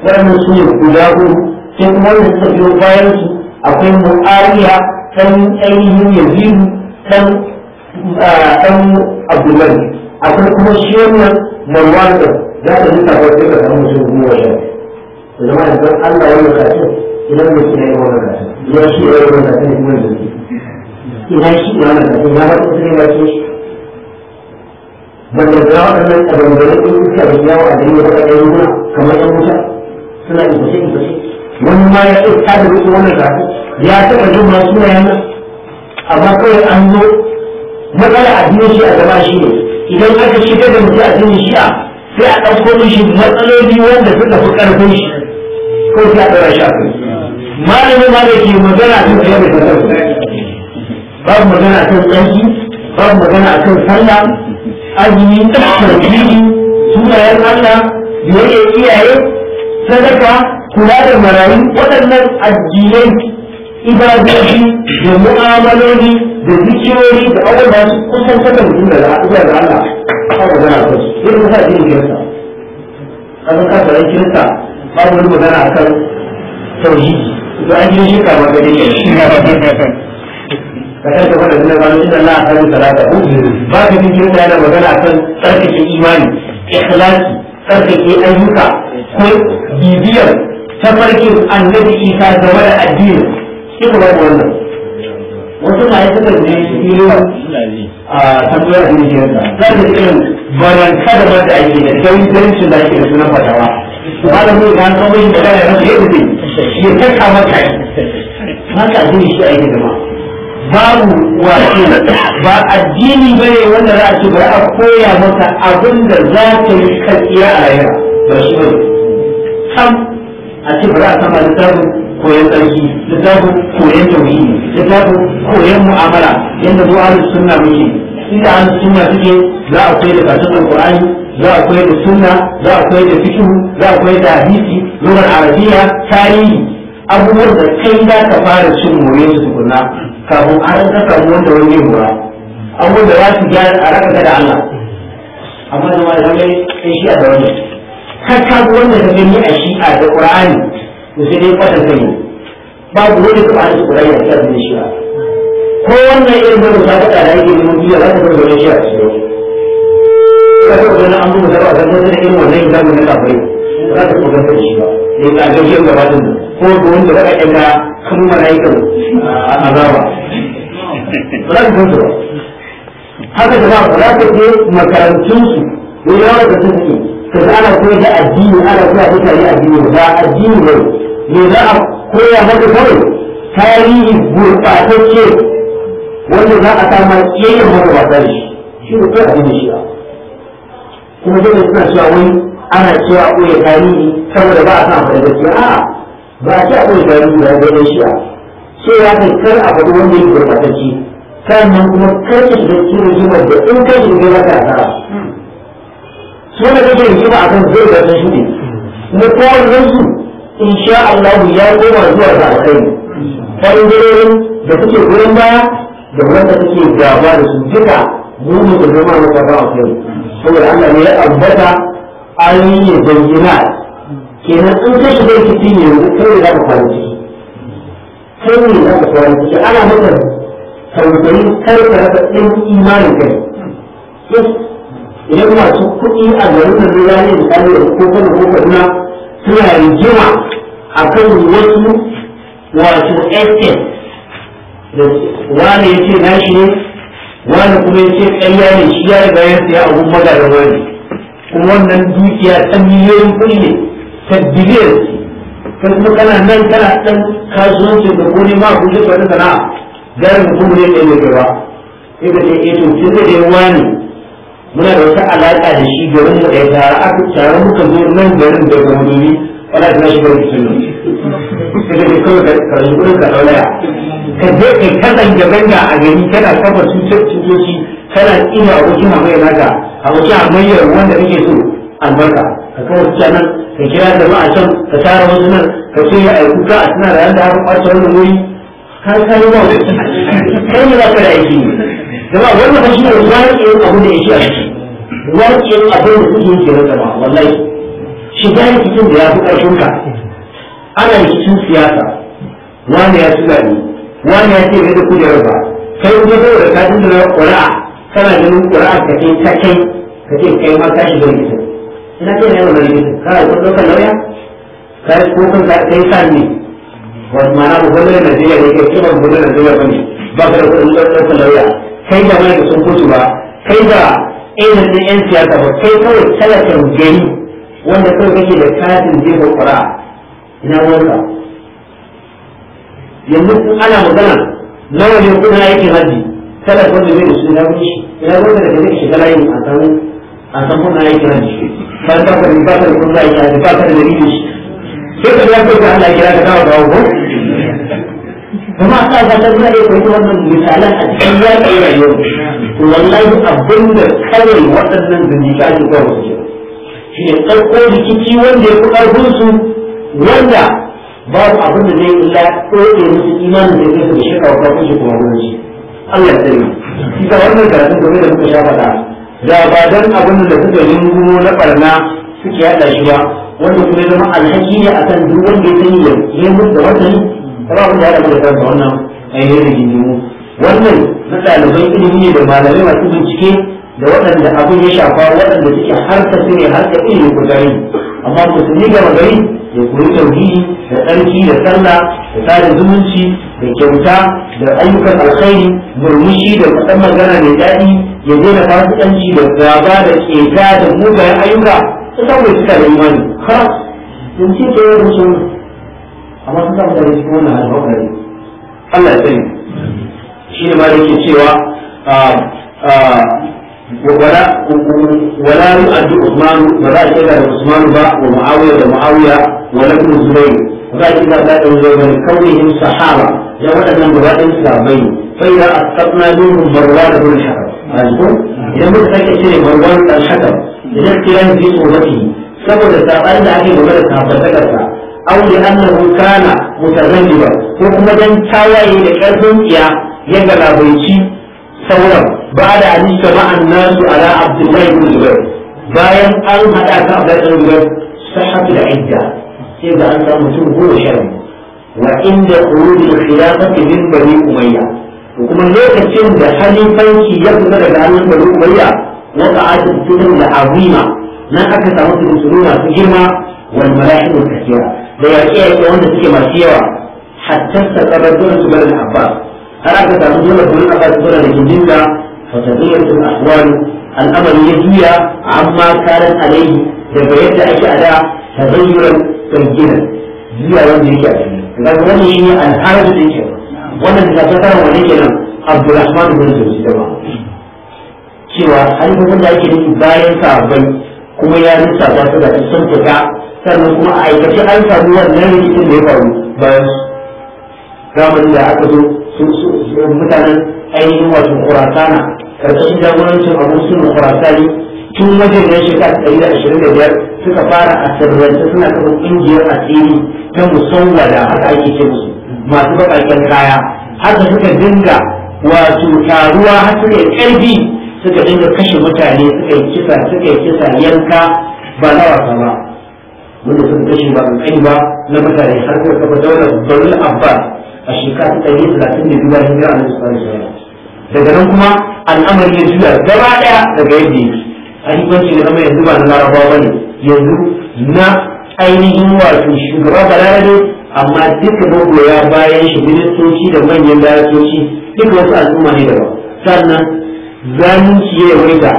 wannan su ne guda hudu sai kuma wanda suka biyo bayan su akwai mu'ariya kan ainihin yazidu kan kan abdullahi akwai kuma shi marwanda da za ta nuna ba sai ka mutum goma sha to zama da don Allah ya lokacin idan mutum ya yi wannan kasin ya shi ya yi wannan kuma da ke idan shi ya ya wata ya ce da da ya a yawa a da yi kamar wuta suna wani ma ya ɗauka da wasu wannan zaɓe ya taɓa jin masu yayan nan amma kawai an zo matsala addinin shi a gaba shi ne idan aka shiga da mutum addinin shi a sai a ɗauko mishi matsaloli wanda suka fi ƙarfin shi ko sai a ɗaura shi a ma da ke magana sun tsaye da zaɓe babu magana a kan tsarki babu magana a kan sallah azumi tarbiyi sunayen Allah biyayya iyaye sadaka kula da marayu waɗannan addinai ibadoji da mu'amaloli da zikiyoyi da abubuwa su kusan saka mutum da zuwa da Allah a magana kan su yin kusa da yin kirista kasan kasa da kirista ba wani magana a kan tauhidi da an yi shi kama gari ne ka kan ka fada zuwa ranar inda Allah a kan salata ba ka jin kirista yana magana a kan tsarkake imani ikhlasi tsarkake ayyuka ko bibiyar tafarkin annabi isa game da addini shi ne babu wannan wasu na yi suka ne yi a tambayar da yake yanzu za ta irin baranta da ba da ake da jawisancin da ake da sunan fatawa Ba malamin ya kuma yin da ya rufe yadda zai ya taka maka haka addini shi ake da ma babu wato ba addini ba ne wanda za a ce ba a koya maka abin da za ka yi kan iya a rayuwa ba shi ba ne a ce ba za a sama littafin koyon tsarki littafin koyon tauri littafin koyon mu'amala yadda zuwa da sunna muke inda an suna suke za a koyar da karatun alqur'ani za a koyar da sunna za a koyar da fiqh za a koyar da hadisi lugar arabiya tarihi abubuwan da kai za ka fara cin more su tukuna kafin an ka samu wanda wani mura abubuwan da za su gyara a raka da Allah amma zama da wani sai shi a da wani har ka ga wanda ka gani a shi'a da qur'ani to sai dai kwatanta ne babu wanda da ba shi qur'ani a cikin shi'a ko wannan irin mun ta da da yake mun biya za ka ga shi'a su yau ka ga wannan an mun zaba da wannan irin wannan da mun da bai za ka ga da shi ba ne ka ga shi ba din ko ga wanda ka ga kan a azaba ba za ka ga ba haka da ba za ka makarantun su ko ya da suke to ana koyar da addini ana koyar da mutane addini ba addini ne me za a koya maka kawai tarihi gurɓatacce wanda za a samu yayin maka wasa da shi shi ne kai addini shi kuma dole suna cewa wai ana cewa koya tarihi saboda ba a samu da gaskiya a'a ba a ce a koya tarihi ba da shi a cewa kai kar a faɗi wanda yake gurɓatacce sannan kuma kar ka shiga cikin rigimar da in kai shiga za ka asara su da kake yi ba akan zai da sun shuɗe na kowannen in sha Allah ya koma zuwa ga alkhairi ɓangarorin da suke gurin baya da wanda suke gaba da su duka mu ne da zama masa ba a kai saboda Allah ne ya ambata ayoyi bayyana kenan in ka shiga kici ne yanzu kai za ka fara ciki kai ne za ka fara ciki ana maka tausayi kar ka rasa ɗin imanin kai idan masu kuɗi a garin Najeriya ne da kare da ko kuma ko kaduna suna rigima kan wasu wato estate da wani ya ce nashi ne wani kuma ya ce ƙarya ne shi ya riga ya siya abun magarama ne kuma wannan dukiya ta miliyoyin kuɗi ne ta biliyar kai kuma kana nan kana ɗan kasuwanci da ko ne ma kuɗi ba na sana'a garin kuma ne ɗaya ne ba sai ka ce eh to sai wani muna da wata alaƙa da shi garin mu ɗaya tare aka tare muka zo nan garin da kuma domin wala ta shi garin sun yi sai da kawai ka rubuta ka ɗaulaya ka je ka kasan gaban da a gari kana kafa cutoci kana ina abokin hamayya naka abokin hamayya wanda kake so albarka ka kawo canan ka kira jama'a can ka tara wasu nan ka ce ya aiku ka a suna da yadda haka ƙwace wannan wuri har ka yi ba wani kai ne za ka da aiki ne jama wannan ba shi ne yin abu da ya shi a ciki zaƙin abin da suke yake da ba wallahi shi bayan cikin da ya fi ƙarfin ka ana cikin siyasa wani ya ci zaɓe wani ya ce mai da kujerar ba kai kuma zai da kajin da ƙura'a kana ganin ƙura'a ka kai ta kai ka ce kai ma tashi da rikitin ina ce ne wannan rikitin kana da kuma ɗaukar lauya ka yi ko kan kai sa ne wasu ma'ana mu gwamnatin Najeriya ne ke cewa gwamnatin Najeriya ba ne ba ka da kuɗin ɗaukar lauya kai da mai da sun kusu ba kai da ainihin yan siyasa ba kai kawai talakan gari wanda kai kake da katin jefa ƙura ina wanka yanzu kun ana magana nawa ne kuna yake haji talakan da mai da su ina wani shi ina wanka da kake shiga layin a samu a san kuna yake haji ba ta ka da ba ta da kun ba ba ta da dalilin shi sai ka ga ko Allah ya kira ka dawo dawo ko kuma a sa ta zuwa ya kwaito wannan misalan a cikin ya kai rayuwar to wallahi abin da kawai waɗannan zindika ne kawai wasu ce shi ne ɗauko rikici wanda ya fi ƙarfin su wanda babu abin da zai illa ɗauke musu imanin da kai su da shaka wa ƙarfin su kuma wurin shi Allah ya tsare ita wannan karatun game da muka sha faɗa da ba dan abin da suka yi gumo na barna suke yaɗa shi ba wanda kuma zama alhaki ne a kan duk wanda ya sani ya yi da wata ba wanda ya rage kansa wannan ainihin rigingimu wannan na ɗaliban ilimi ne da malamai masu bincike da waɗanda abin ya shafa waɗanda suke harka su ne harka ilimi ko amma musulmi gama gari ya koyi tauhidi da tsarki da sallah da sada zumunci da kyauta da ayyukan alkhairi murmushi da faɗan magana mai daɗi ya daina fasikanci da gaba da ƙeta da mugayen ayyuka ta saboda suka da imani ha ce ke yi da amma sun samu tare cikin wannan hannun hankali Allah ya sani shi ne ma da yake cewa wala wala ru addu Usman ba za a ce da Usman ba wa Muawiya da Muawiya wala ibn Zubayr ba za a ce da Zubayr ne kan kaunihin sahaba ya wadannan ba dan sahabbai fa ya asqatna min barwan al idan muka sake ce ne barwan al hadar idan kiran zai tsoraki saboda sabar da ake magana ta fadakarsa aw li annahu kana mutazanniba ko kuma dan tawaye da karfin iya ya galabaici sauran ba da an jama'an nasu ala abdullahi ibn zubair bayan an haɗa ka a ibn zubair sahatu da idda sai ga an samu mutum goma sha biyu wa inda qulul khilafati min bani umayya kuma lokacin da halifanci ya fita daga hannun bani umayya وقعت الفتن العظيمه ما اكثر مثل السنون في جمع والملاحم الكثيره da yaƙe yaƙe wanda suke masu yawa hatta ta tsara dole su bari abbas har aka samu dole su abbas dole da gindinka fa a ahwal al'amari ya juya amma karan alaihi daga yadda ake ada tazayyuran tarkinan juya wanda yake a cikin daga wani yi ne alhaji da yake wannan da ta fara wani kenan abdurrahman bin zuci da ba cewa halin da ake nufi bayan sabai kuma ya nusa ta su da sun fita sannan kuma a aikace an samu wannan rikicin da ya faru bayan su. zamanin da aka zo mutanen ainihin wato kurasana karkashin jagorancin abu suna kurasani tun wajen ya shekara ɗari da ashirin da biyar suka fara a sirrance suna kafa ƙungiyar asiri ta musamman da aka ake ce musu masu baƙaƙen kaya haka suka dinga wato taruwa har suka yi ƙarfi suka dinga kashe mutane suka yi suka yi kisa yanka ba na wasa ba mun da kuma ba mun kai ba na mutane har kuma kafa daular Darul Abbas a shekara ta 130 da biyar hijira a Nabi sallallahu alaihi daga nan kuma al'amari ya juya gaba daya daga yadda yake halifanci da kama yanzu ba na larabawa ne yanzu na ainihin wato shugaba balarabe amma duka magoya bayan shi ministoci da manyan darakoci duka wasu al'umma ne daban sannan zamunci ya yawaita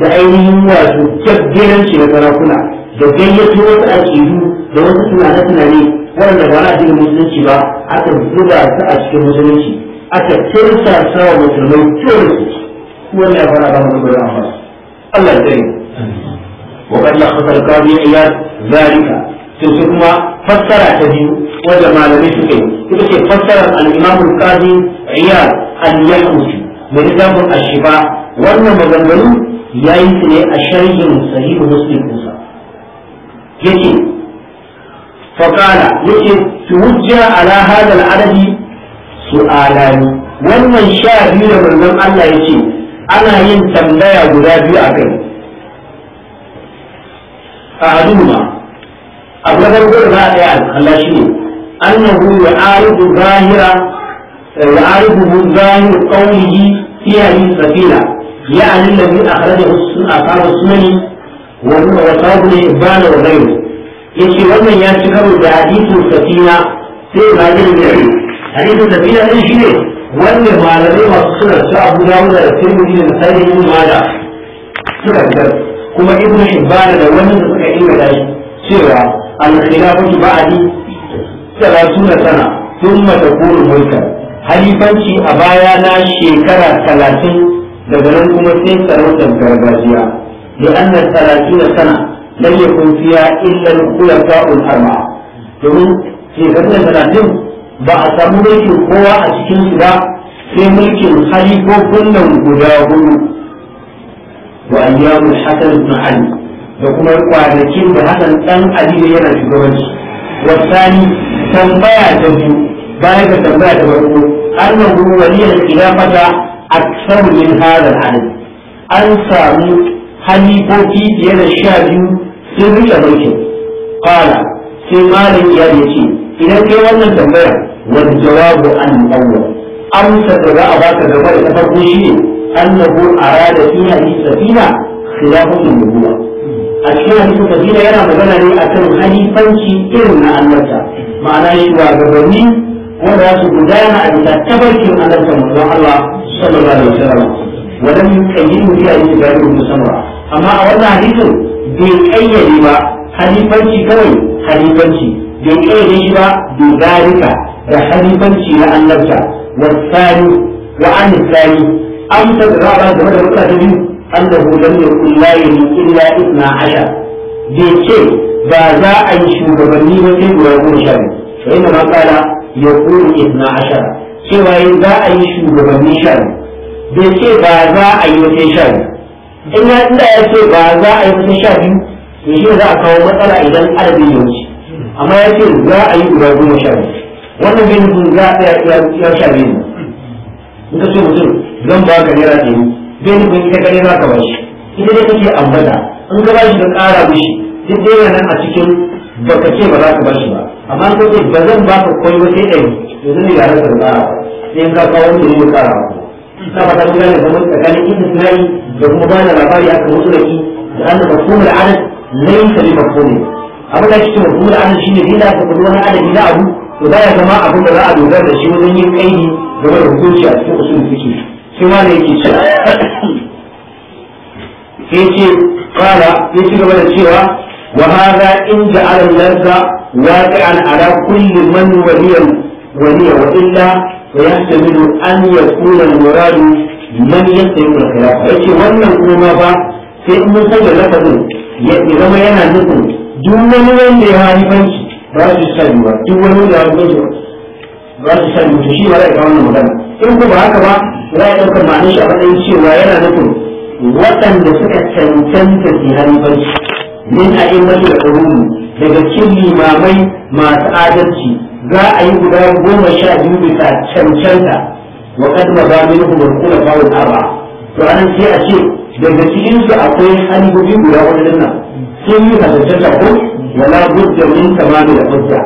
da ainihin wato kyakkiranci na sarakuna da gayyato wasu al'idu da wasu tunane-tunane waɗanda ba na addinin musulunci ba aka zuba su a cikin musulunci aka tursa sawa musulmai kyau da su wannan ya fara ba mu goyon ba Allah ya tsare وقد لخص القاضي عياد ذلك ثم a تبيو وجمع لم يسكن كتبت فسر الإمام Wannan maganganu ya yi الشفاء وأن مغنبلو يأتي الشيء صحيح kusa. yake faƙala yake su hujja ala hadal adadi su'alani wannan sha biyu da manzon Allah yake ana yin tambaya guda biyu a kai a haduma abu na farko da za a tsaya Allah shi ne annahu ya'arifu zahira ya'arifu zahiru qawlihi fi hadith safina يعني الذي أخرجه أصحاب sunani. wani wasabu ne bana wa gairu yace wannan ya ci karo da hadisin safina sai ba da gari hadisin safina din shi ne wanda malamai masu suna su abu dawuda da tirmidhi da nasai da ibnu mada suka fitar kuma ibnu hibbana da wannan da suka inganta shi cewa al-khilafatu ba'di 30 sana thumma takunu mulkan halifanci a baya na shekara talatin daga nan kuma sai tsaron sarautar gargajiya لأن الثلاثين سنة لن يكون فيها إلا الخلفاء الأربعة domin shekarun talatin ba a samu mulkin kowa a cikin su ba sai mulkin halifofin nan guda hudu wa ayyamu hasan ibn ali da kuma kwanakin da hasan dan ali ne yana shugabanci wasani tambaya ta biyu bayan ka tambaya ta farko annahu waliyul khilafata aksaru min hadha al an samu halifofi fiye da sha biyu sun rike mulkin kala sai malin ya ce idan kai wannan tambaya wani jawabu an awwal amsa da za a baka gaba da ta farko shi ne annahu arada fiha safina khilafun nubuwa a cikin hadisin safina yana magana ne akan halifanci irin na annabta ma'ana shugabanni wanda za su gudana a bisa tabarkin annabta manzon Allah sallallahu alaihi wasallam wadan yuqayyidu bi ayi ibrahim musamma amma a wannan hadisin bai kayyade ba halifanci kawai halifanci bai kayyade shi ba dogarika da halifanci na annabta wasani wa an tsani amsa da za a game da rukuna ta biyu annahu lam yakun la yuni illa ibna ashar bai ce ba za a yi shugabanni ba sai guda goma sha biyu sai da makala yakun ibna ashar cewa za a yi shugabanni sha biyu bai ce ba za a yi wata sha biyu in ya inda ya ce ba za a yi kusa sha biyu to shi za a kawo matsala idan adadin ya wuce amma ya ce za a yi guda goma sha biyu wannan bin nufin za a ya sha biyu in ka ce mutum zan ba ka naira ɗari bin nufin ita gani za ka bashi idan ya kake ambata in ka bashi ka ƙara mishi duk dai yana nan a cikin ba ka ce ba za ka bashi ba amma ka ce ba zan ba ka koyi wata sai ɗari to zan yi yaran ka ƙara sai in ka kawo wani ne ya ƙara sa ba ta gane da mun tsakanin istisnai da kuma ba bana labari aka mutu da shi da annan mafhumul adad laysa bi mafhumi abin da cikin mafhumul adad shine dina ka kudu wani adadi na abu to ya zama abin da za a dogara da shi wajen yin kaini game da hukunci a cikin usul fiqh sai ma ne yake cewa Ke ce fara ya ci gaba da cewa wa hadha in ja'ala al-lazza waqi'an ala kulli man waliya waliya wa illa ويحتمل أن يكون المراد من يستلم الخلاف يأتي wannan kuma ba sai in mun sanya lafazin ya zama yana nufin duk wani wanda ya banki ba shi sani ba duk wani wanda ya haifanci ba shi sani ba shi ba za a ga wannan magana in ku ba haka ba za a ɗaukar ma'anin shi a matsayin cewa yana nufin waɗanda suka cancanta su banki. min a yi masu da daga cikin mamai masu adalci za a yi guda goma sha biyu bisa cancanta wa kad mazamin hu wal kula fa'ul arba to anan sai a ce daga cikin su akwai halibobi guda wani nan sun yi cancanta ko wala budda min tamami da hujja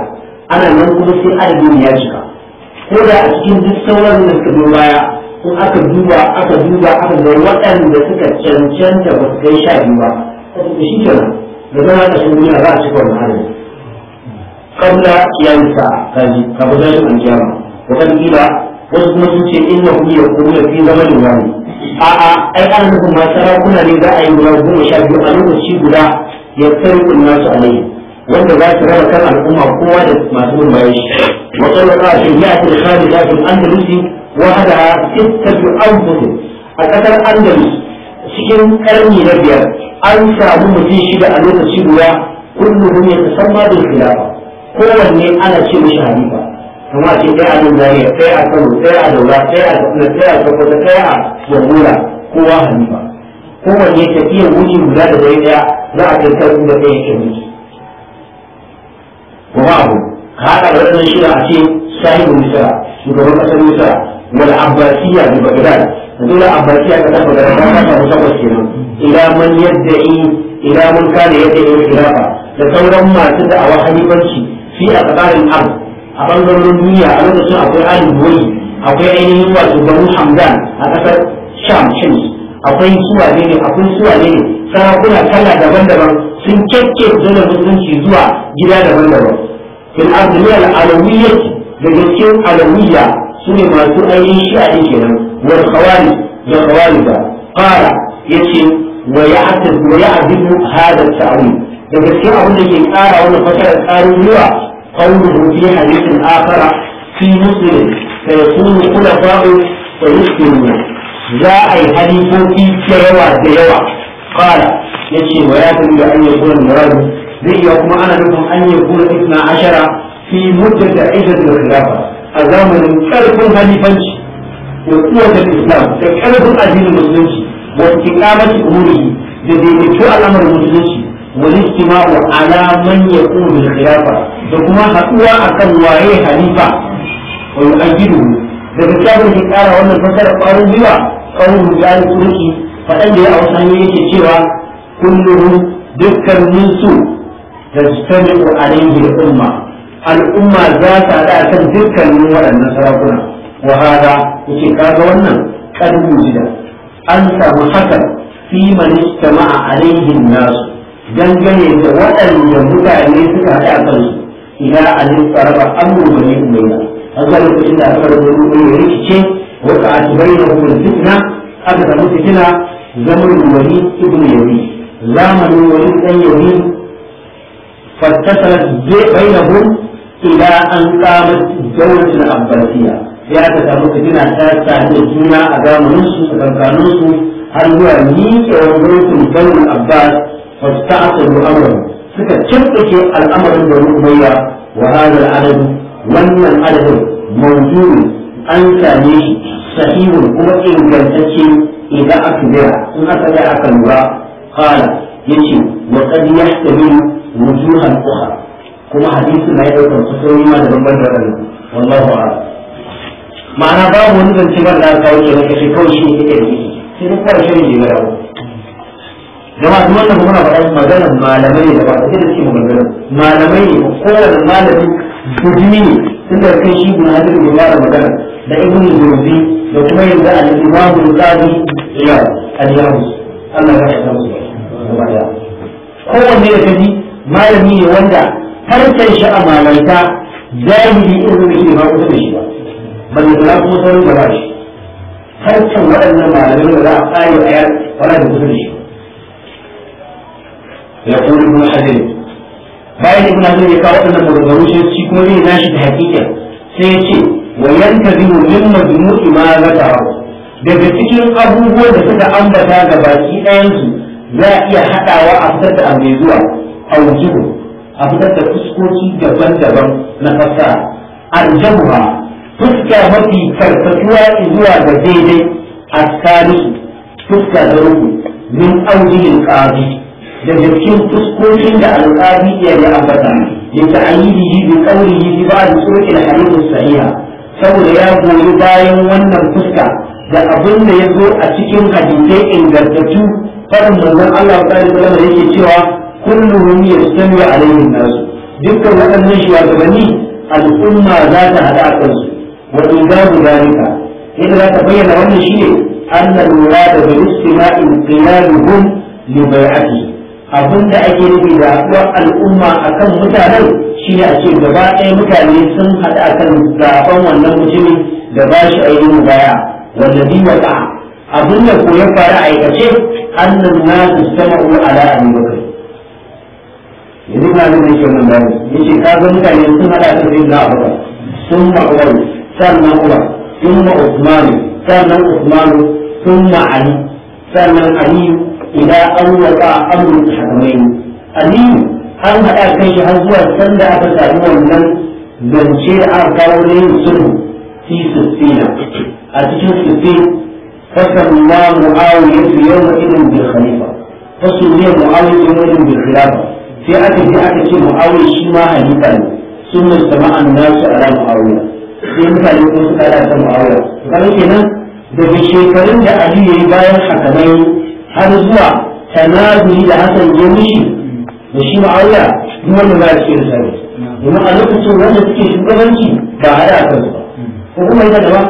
ana nan kuma sai adadin ya cika ko da a cikin duk sauran da suka baya in aka duba aka duba aka ga waɗanda suka cancanta ba su kai sha biyu ba to shi kenan da zama ƙashin a za a cika wani adadin قبل قيام الساعة كبداية القيامة وقد قيل wasu kuma sun ce inna hu ya kuma ya fi zaman da wani a a ai ana nufin ma sarakuna ne za a yi guda goma sha biyu a lokaci guda ya tsari kunna su a wanda za su raba kan al'umma kowa da masu bin bayan shi wa tsallaka a shirya a tirkani za su andalusi wa hada sittatu anfusin a ƙasar andalus cikin ƙarni na biyar an samu mutum shida a lokaci guda kullum ya tasamma da khilafa kowanne ana ce mishi halifa kuma ce kai a Tanzania kai a Kano kai a Daura kai a Katsina sai a Sokoto sai a Jamhuriya kowa halifa kowanne tafiyar wuce guda da dai daya za a kai kan inda kai yake wuce kuma abu ka haɗa da wannan shida a ce sahibu misra shugaban ƙasar misra wal abbasiya da bagdad dole abbasiya ka tabbata da ta samu tabbas kenan ila man yadda'i ila man kana yadda'i khilafa da sauran masu da'awa halifanci shi a tsakanin abu a bangarorin duniya a lokacin akwai alin boyi akwai ainihin wato banu hamdan a ƙasar sham shams akwai suwa ne akwai suwa ne sarakuna kala daban-daban sun kyakke dole musulunci zuwa gida daban-daban fil azmiyar alawiyya da gaskiyar alawiyya su ne masu ainihin a ɗin kenan wal khawari da khawari ba fara yace wa wa ya'dibu hadha at da gaske abin da ke ƙara wannan fasarar tsarin ruwa qawluhu fi hadithin akhara fi muslim fa yakunu khulafa'u wa yusbiruna za a yi halifofi da yawa da yawa ya ce wa ya tabi an yi yakuna muradu zai iya kuma ana nufin an yi yakuna isna ashara fi muddat iddatil khilafa a zamanin karfin halifanci da kuwatar islam da karfin addinin musulunci wa istiqamati umuri da daidaito al'amarin musulunci والاجتماع على من يقوم بالخلافة وكما حقوا أكل وعي حليفة ويؤجله في الحكارة وانا الفسر قالوا بها قالوا رجال التركي فأجل أوصانيه الشيوة كلهم ذكر منسو تجتمع عليه الأمة الأمة ذات على أكل ذكر من ولا النصر وهذا يتكاد وانا قد وجد أنت محسن في من اجتمع عليه الناس dangane da waɗanda mutane suka haɗa a kansu ila alif faraba amru bani a an ga lokacin da aka rubuta rubutu ya rikice wata a tibai da hukun fitna aka samu fitina zamanin wani ibn yawi zamanin wani dan yawi fattasalat bainahum ila an kama dawlatul abbasiya ya ta samu fitina ta sami juna a zamanin su a tsakaninsu har zuwa ni ke wani gwamnatin abbas fasta'asalu amran suka cimbace al'amarin da umayya wa hadha al'adad wannan adadin mawdu'i an same shi sahihun kuma ingantacce idan aka bira in aka ga aka lura qala yace wa qad yahtamilu wujuhan ukhra kuma hadisin na ya da bambam da ma'ana babu wani zance ban da aka kawo ke na kashe kawai shi ne kake da shi sai duk fara shirin jima'a jama'a duk wannan muna faɗa maganar malamai da ba a cikin cikin maganar malamai ne kowane malami bujimi ne tun da kai shi bin hadin da mara magana da ibn jurbi da kuma yanzu a cikin babu qadi ila al-yahu Allah ya rahama su kowanne da kaji malami ne wanda harkar shi a malanta jahili irin da shi ba kusa da shi ba ban da kuma sauran da ba shi harkar waɗannan malamai da za a ƙare a yar wala da kusa da shi يقول ابن حجر بعد ابن حجر يقول أن مدبروش يسيكون لي ناشد حقيقة سيتي وينتظر من مجموع ما ذكره daga cikin abubuwan da suka ambata ga baki ɗayansu za a iya haɗawa a fitar da abu zuwa a wujuhu a fitar da fuskoki daban-daban na fassara aljabuha fuska mafi karkatuwa zuwa ga daidai a fuska da rubu min aujihin ƙarfi. daga cikin fuskokin da alƙali iya ya ambata ya ta'ayyidi shi bi qawlihi fi ba da al-hadith as-sahiha saboda ya goyi bayan wannan fuska da abin da ya zo a cikin hadisai ingantattu farin manzon Allah sallallahu alaihi wasallam yake cewa kulluhum yastami alaihi nas dukkan waɗannan shugabanni al'umma za ta hada a kansu wa idabu zalika yadda za ta bayyana wannan shine annal murada bi istima'i qiyaduhum li bai'atihi abin da ake nufi da haɗuwar al'umma a kan mutanen shi ne a ce gaba ɗaya mutane sun haɗa a kan zaɓen wannan mutumin da ba shi ainihin baya wanda bi wata abin da ko ya fara aikace annan na su sama ko ala abin bakai yanzu na nuna shi wannan bayan ya ce ka ga mutane sun haɗa kan zai na abu sun ma'uwar sannan uwa sun ma'usmanu sannan usmanu sun ma'ali sannan aliyu idan an waka amru haramai aliyu an haɗa kai shi har zuwa sanda aka samu wannan zance da aka kawo na yin sulhu fi sissina a cikin sissin fasamma mu'awiyatu yawma idan bil khalifa fasamma mu'awiyatu yawma idin bil khilafa sai aka je aka ce mu'awiya shi ma halifa ne sun mustama annasu ala mu'awiya sai mutane ko suka da ta mu'awiya kamar kenan daga shekarun da aliyu ya yi bayan hakamai har zuwa tanazuri da hasan ya mishi da shi ma'auya duk wannan ba ya cikin risale domin a lokacin wanda suke shugabanci ba a a kansu ba ko kuma ita da ba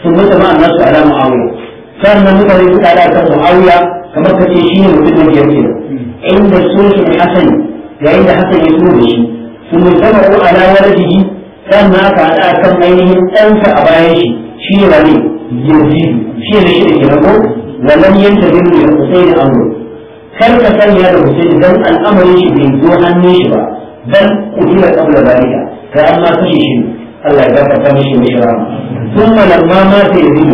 sun da ma'an su ala ma'auya sannan mutane suka da a kan ma'auya kamar ce shi ne mutum da biyar da inda sokin hasan yayin da hasan ya so da shi sun mutu ko ala warjihi sannan aka hada kan ainihin ɗansa a bayan shi shi ne ne yanzu shi ne shi ne kenan ko wa lam yantabih li Husayn amru kar ka san ya da Husayn dan al'amari shi bai zo hannu shi ba dan kudira qabla dalika fa amma kashi shi Allah ya gafarta mishi mai shara kuma lam ma ma sai yi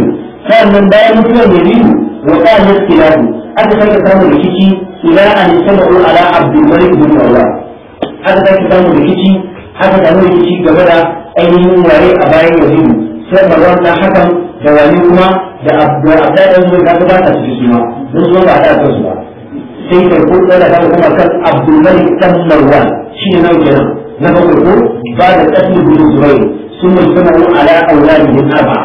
sannan bayan mutuwar yi wa kan istilahu aka san ka samu rikici ila an sabu ala abdul malik bin Allah aka san ka samu rikici aka samu rikici game da ainihin ware a bayan yahudu sai ba wanda hakan da wani kuma da abu a ta yanzu da ka ta su shi don su ba ta su ba sai ka ko da ka kuma kan Abdullahi dan Marwan shi ne nan kenan na ba ko ba da tasmi bin Zubair sun yi suna yin ala ne auladihim arba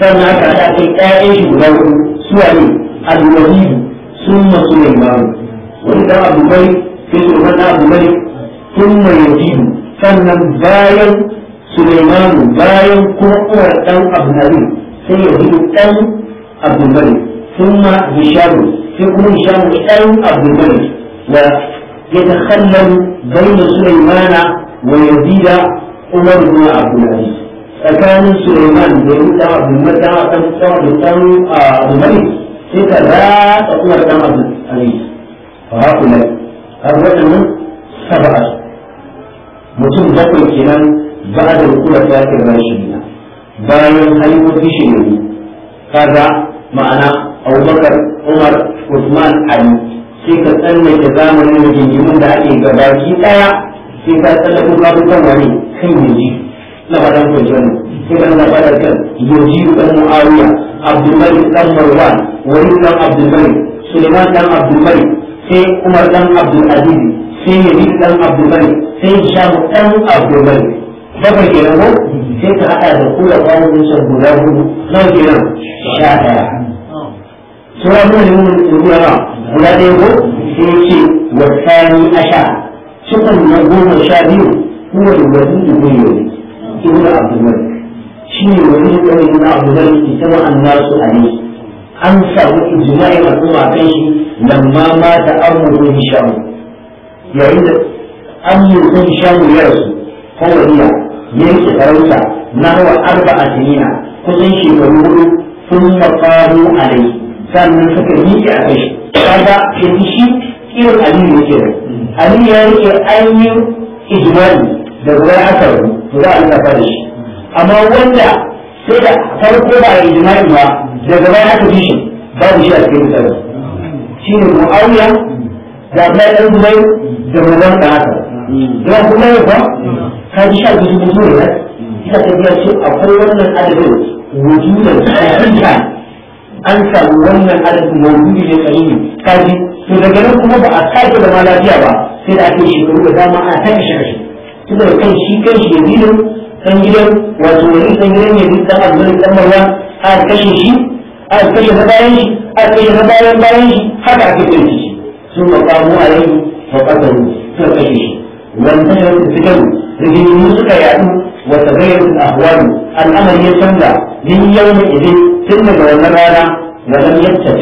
sannan aka ta kai ƴaƴan shi guda huɗu su wani al-Walid summa Sulaiman wani dan Abdullahi sai su wannan Abdullahi summa Yazid sannan bayan Suleimanu bayan kuma uwar ɗan Abdullahi sai ya hudu ɗan abdulmalik sun ma hisharu sai kuma hisharu ɗan abdulmalik da ya ta hannar bayyana suleimana wa yazida umar ibn abdulmalik tsakanin suleiman da ya wuce abdulmalik ɗan ɗan ɗan abdulmalik sai ka ratsa kuma ɗan abdulmalik ba ha kula har wata nan saba'a mutum bakwai kenan ba da kula ta ke bayan shirya bayan an yi wasu shekaru kaza ma'ana abubakar umar usman ali sai ka tsallake zamanin rigingimin da ake gabaki daya sai ka tsallake babu kan wani kan yanzu na faɗan kwanciyar sai ka nuna faɗar kan yanzu ɗan mu'awiya abdulmalik dan marwan wani ɗan abdulmalik suleiman ɗan abdulmalik sai umar ɗan abdulaziz sai yanzu dan abdulmalik sai shamu dan abdulmalik bakwai kenan ko sai ka haɗa da kula kwanan musan guda hudu nawa nan sha ɗaya sura mun yi mun guda ba guda ɗaya ko sai ce wa tsani sha. cikin na goma sha biyu kuma da wani da ne yau ibn abdulmalik shi ne wani da ne na abdulmalik ke sama an nasu a ne an samu ijma'in al'umma kan shi lamma ma ta amuru hisham yayin da an yi amuru hisham ya rasu kawai iya yanke farauta na hawa arba a sinina kusan shekaru hudu sun faru a rai sannan suka yi a kai shi kaga yanzu shi irin aliyu yake rai aliyu ya rike ainihin ijimali da ruwa asar za a lissafa da shi amma wanda sai da farko ba a ijimali ba da baya aka ji shi da shi a cikin misalin shi ne mu'awiya da abdullahi ɗan zubai da mu da haka. Zan kuma ba? ka ji sha biyu mutum ne ita ta biya ce akwai wannan adadin wujudan hakika an samu wannan adadin mawujudi ne kai ne. ka ji to daga nan kuma ba a sake da ma lafiya ba sai da ake shekaru da dama a sake shakashi tunda kan shi kan shi yazidin dan gidan wato wani dan gidan ne duk dan abdul dan marwa a kashe shi a kashe na bayan shi a kashe na bayan bayan shi haka ake kashe shi sun makamu a yau fa kasaru sun kashe shi wani tashar da suke mu da suka yadu wa tabayyar da ahwani al'amar ya canza yin yau da idin tun daga wannan rana na zan yadda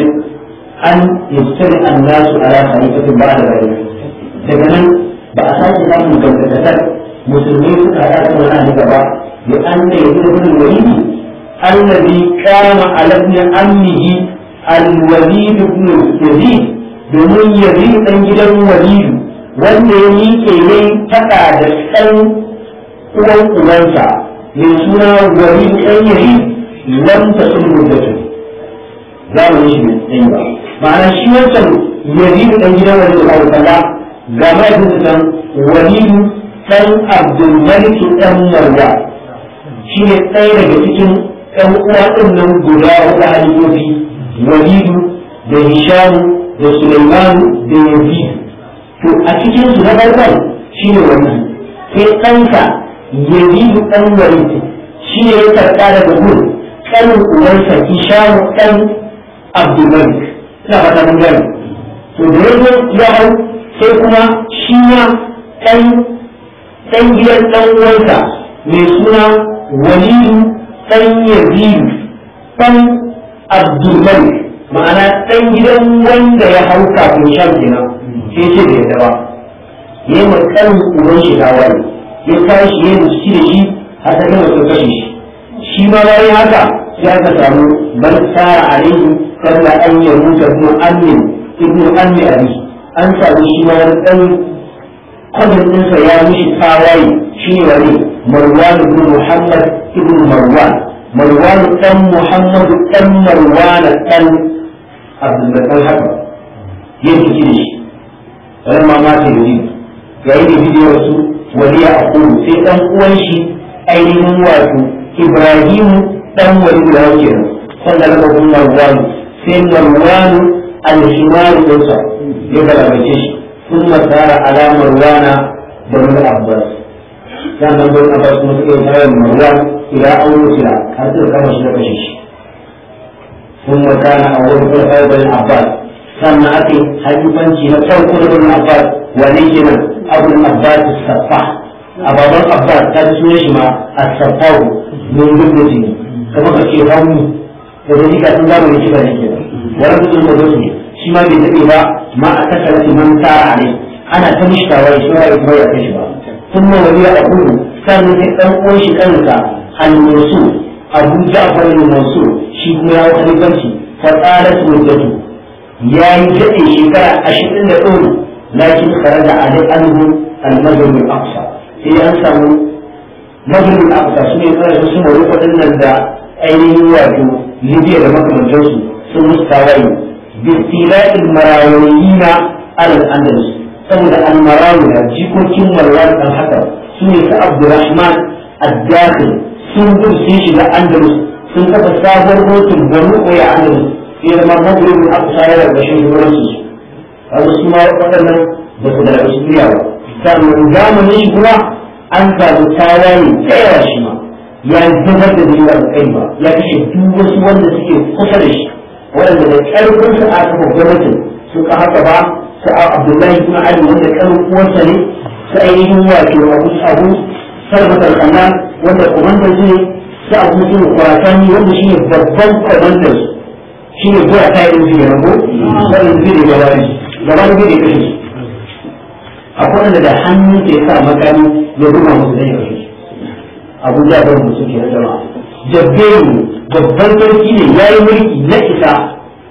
an yi sun an nasu a rasa yi cikin ba da rayu daga nan ba a sake samun gangantar musulmi suka haɗa su wani hannu gaba da an da da kudin wani ne annabi kama alamnin annihi al-wazir ibn al-yazid domin yazid gidan wazir wanda ya miƙe ne taɗa da ɗan uwan uwansa mai suna wani ɗan yari nan ta sun muddatu za mu yi shi ɗan ba na shi wancan yari da ɗan gina wani da da ga mahaifinsa ɗan wani ɗan abdulmalik ɗan marwa shi ne ɗaya daga cikin ɗan uwa ɗin nan guda wata halifofi walidu da hishamu da sulaimanu da Yanzu. to a cikin su na farkon shine wannan sai ɗanka ya yi ɗan wari, shi ne ya karɓa da gun ƙarin uwarsa ishamu ɗan abdulmalik ina fata mun gani to da ya zo ya hau sai kuma shi ma ɗan ɗan gidan ɗan uwarsa mai suna walidu ɗan yazidu ɗan abdulmalik ma'ana ɗan gidan wanda ya hau kafin shan kenan sai ce da yadda ba ya yi kan uban shi shiga ne ya kai shi ya zuci da shi har ta gama sun kashe shi shi ma bayan haka ya aka samu bar tsara alaihi kalla an yi rubuta kuma amin ibnu amin ali an samu shi ma wani ɗan kwabin ɗinsa ya mishi tsawaye shi ne wani marwan ibn muhammad ibn marwan marwan ɗan muhammad ɗan marwan ɗan abdulbatar haka ya ciki da shi wani mamata da biyu yayi da bidiyar su wali ya akulu sai ɗan uwan shi ainihin wato ibrahimu ɗan wani guda hauke nan sannan da kuma marwanu sai marwanu alhimaru ɗinsa ya galabace shi sun masara alamar wana da wani abbas sannan da wani abbas kuma suka yi tsarin marwan ila aure sila har suka kama shi da kashe shi ثم كان أول فرقة بن العباس sannan ake haifanci na farko da ibn abbas wane kenan abu Abba as-saffah a baban abbas ta ji sunan shi ma as-saffah mun gudu ne kamar ka ce hannu da da jika sun zama ne kiba wani mutum da zuwa shi ma bai tabe ba ma a tattara man tara ne ana ta mushtawa kuma ya ba sun ma wani ya akuru sannan sai dan uwan abu ja'far bin mansur shi kuma ya wuce banci fa qalat muddatu ya yi jade shekara ashirin da ɗoro lakin kharaja alai anhu al-maghrib al-aqsa sai an samu maghrib al su ne tsara su mawuri waɗannan da ainihin wato libya da makamantarsu sun musu tawaye bistila'il na, al-andalus saboda al da jikokin marwan al haka su ne ta abdurrahman al-dakhil sun gudu sun shiga andalus sun kafa sabuwar hotun banu koya andalus sai zama magurin aka shayar da shi wurin su kaga su ma waɗannan ba su da rasuriya ba sannan zamanin shi kuma an samu ta tsaya shi ma ya zubar da zai wani kai ba ya kashe duk wasu wanda suke kusa da shi waɗanda da ƙarfin su aka kafa gwamnatin suka haka ba su abdullahi kuma ali wanda ƙarfin uwarsa ne su ainihin wato abu sarrafa sannan wanda kwamandan shi ne sai abu mutum kwaratani wanda shi ne babban kwamandan shi ne zuwa ta yi zai rago sannan zai da gabanin gabanin zai da kashe a akwai wanda da hannu ke sa makami ya ruma musu zai kashe su abu da bar musu ke rajama jabberu babban sarki ne ya yi mulki na isa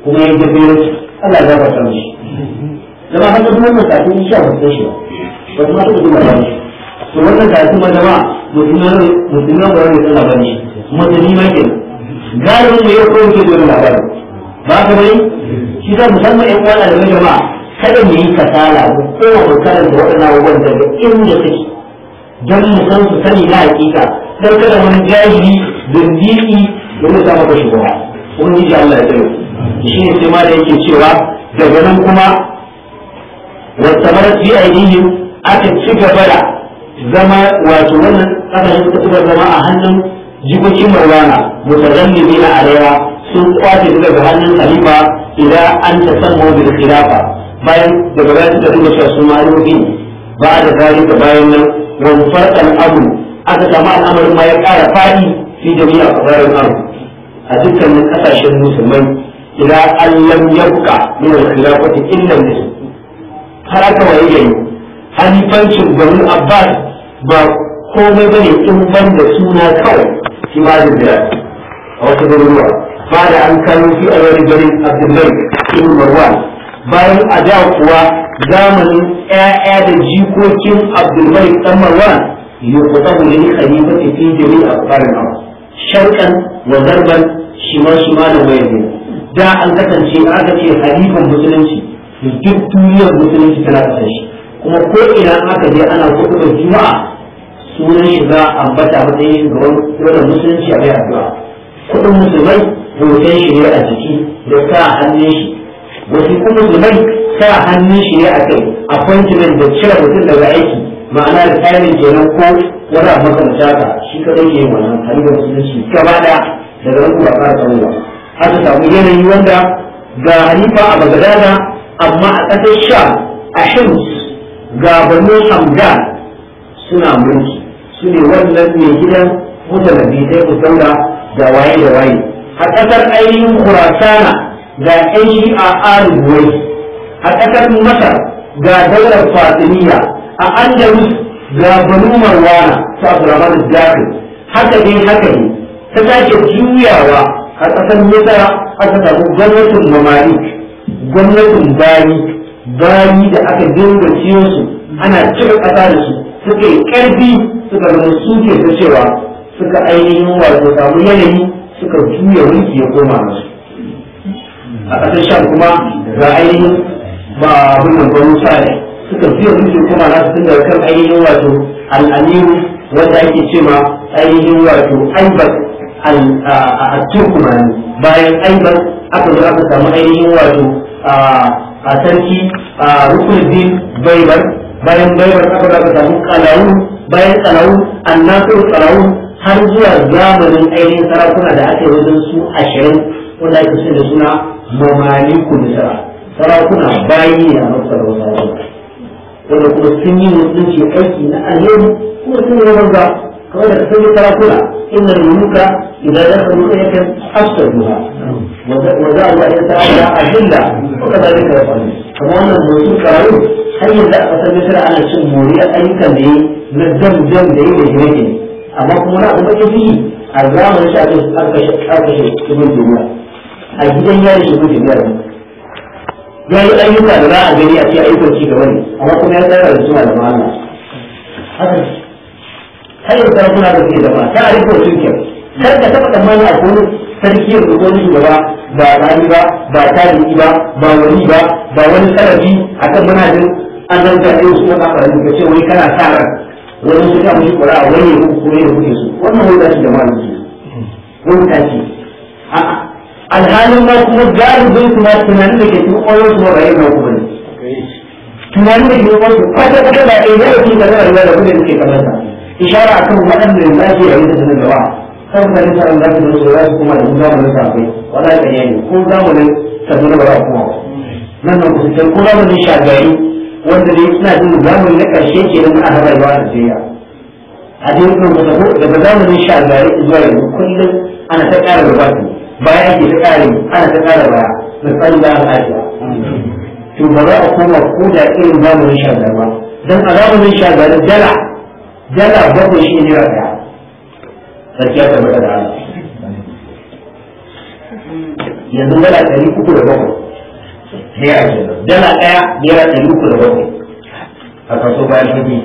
kuma ya jabberu Allah ya gafarta mishi zama haka duk wannan kafin sha hukunci ba wasu ma su gudu ba to wannan ga su madama musulman musulman ba ne sallah bane musulmi ma ke galibin mu yau kawai ke da labarin ba ka bane shi da musamman ƴan uwan da jama'a kada mu yi kasala ko kowa mu karanta waɗannan abubuwan daga inda suke don mu san su sani na hakika don kada wani jahili zindiki don mu samu kashi gaba ubangiji Allah ya tsare shi ne sai ma da yake cewa daga nan kuma wasu marar fi ainihin aka ci gaba da zama wato wannan kasashen suka suka zama a hannun jikokin marwana mutazannimi na arewa sun kwace daga hannun khalifa idan an ta san da khilafa bayan daga bayan suka dinga cewa su malibi ba da zalika bayan nan wani farkan abu aka samu al'amarin ma ya ƙara faɗi fi jami'a kafarin abu a dukkanin kasashen musulmai idan an lam yabka min al-khilafati illa har aka waye gari halifancin bani abbas ba komai bane in ban da suna kawai shi ma da a wata garuruwa ba da an kawo shi a wani garin abdullahi ibn marwan bayan a da kuwa zamanin yaya da jikokin abdullahi dan marwan yuqtabu lil khalifati fi jami'i aqbarina sharqan wa zarban shima shima da wayan da an kasance aka ce halifan musulunci duk duniyar musulunci tana kasance kuma ko ina aka je ana kuɗin juma'a sunan shi za a ambata matsayin ga wani musulunci a mai addu'a kuɗin musulmai hoton shi ne a jiki da sa hannun shi wasu kuma musulmai sa hannun shi ne a kai appointment da cire mutum daga aiki ma'ana da tsarin kenan ko wani abu makamata haka shi kadai ke wannan halin musulunci gaba ɗaya daga nan kuma fara samuwa har ta samu yanayi wanda ga halifa a bagadada amma a ƙasar sha a shirin ga banu suna mulki su ne wannan mai gidan mutalabi sai ku saura da waye da waye a ƙasar ainihin kurasana ga yan shi'a alubuwai a ƙasar masar ga daular fatimiyya a andalus ga banu marwana su abdurrahman zafi haka ne haka ne ta sake juyawa a ƙasar misra aka samu gwamnatin mamalik gwamnatin Bari. bayi da aka dinga ciyo su ana cika ƙasa da su suka yi suka zama su ke ta cewa suka ainihin wato samu yanayi suka juya mulki ya koma musu a ƙasar shan kuma ga ainihin ba abin da ba musa ne suka juya mulki kuma na su dinga kan ainihin wato al'amiru wanda ake cewa ainihin wato aibar cikin turkumani bayan aibar aka zo aka samu ainihin wato a sarki a rukunin baibar bayan baibar aka za samu kalawu bayan kalawu annasir kalawu har zuwa zamanin ainihin sarakuna da ake wajen su ashirin wanda ake sun da suna mamaliku misra sarakuna bayi ne a wasu wanda kuma sun yi mutunci aiki na alheri kuma sun yi wanzu kawai da sai sarakuna inna al-muluka idza dakhalu qaryatan afsaduha wa za Allah ya ta'ala ajilla wa kadhalika yafalun kuma wannan mutum karu, har yanzu aka san misra ana muri a ayyukan da yi na dam dam da yi da gine amma kuma na abin da yi a zamanin shi aka kashe aka kashe ibn duniya a gidan yari shi ibn duniya ya yi ayyuka da za a gani a cikin ayyukan ci gaba ne amma kuma ya tsara da su a da ma'ana haka har yau sarakuna da suke zama ta a rikon sun kyau kar ka taɓa tsammani a kone sarki ya rubuto ni gaba ba rani ba ba tarihi ba ba wani ba ba wani sarabi akan manajin an zanta ɗaya su na ƙafarin ka ce wani kana sa ran wani su ta mushi ƙura wani ya ko ya rubuce su wannan wani tashi da malam su wani tashi alhalin ma kuma galibin zai ma tunanin da ke cikin ƙwayoyin su ma ba yin hauku ba ne tunanin da ke cikin ƙwayoyin su kwata-kwata ba ɗaya ne da ke kamar da kuma da ke kamar ishara akan waɗanda ya zafi a da sanin gaba kan da nisa an zafi da su za kuma da mun zamanin sabai wala ya yayi ko zamanin sabbin ba za kuma nan nan kusa ko zamanin shagari wanda ne suna jin zamani na ƙarshe ke nan a haɗa ba a jiya a jin kuma ba sabo daga zamanin shagari zuwa yanzu kullum ana ta ƙara gaba baya ake ta ƙare ana ta ƙara baya tsari da aka ajiya to ba za a koma ko da irin zamanin shagari ba dan a zamanin shagari dala dala bakwai shi ne rada sarki ta mata da Allah yanzu dala ɗari uku da bakwai a kenan dala ɗaya naira ɗari uku da bakwai a kaso bayan kuɗi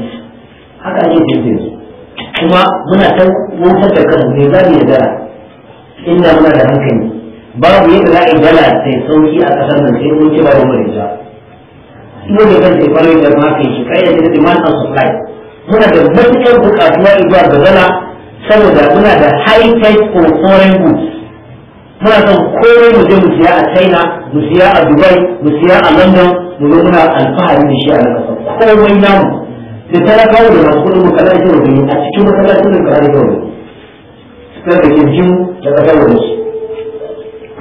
haka ne jirgin kuma muna ta wutar da kan ne za mu yi dala inda muna da hankali babu yadda za a yi dala sai sauki a ƙasar nan sai mun ci ba da mu da ita. Ina da kan sai kwarai da ma kai shi kai da demand and supply muna da matuƙar buƙatuwa zuwa ga zana saboda muna da high tech for foreign goods muna son komai mu je mu siya a china mu siya a dubai mu siya a london mu zo muna alfahari da shi a nan ƙasa komai namu da talakawa da masu kuɗin mu kaɗan shi wani a cikin masallacin mu kaɗan shi wani suka da kirjin da ƙasar wani su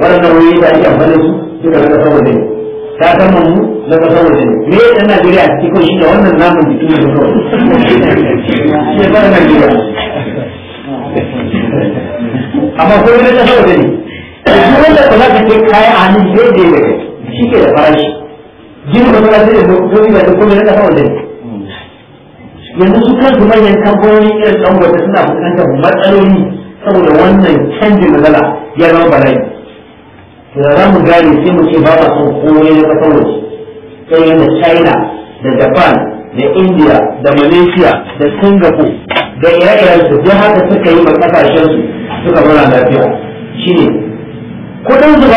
waɗannan wani da yi amfani su duka na ƙasar wani ne ta san mu na kasar ne Najeriya shi da wannan namun shi ba Najeriya amma ko ne ne wanda ka kai a da shi ke da farashi jin ba da ba da ne ta ne yanzu su manyan kamfanoni irin ɗan wata suna fuskantar matsaloli saboda wannan canjin dala ya zama bala'i da za mu gane sai mu ce ba ba son komai na kasar waje sai yana china da japan da india da malaysia da singapore da ire su duk haka suka yi ma su suka zauna lafiya shine kudin su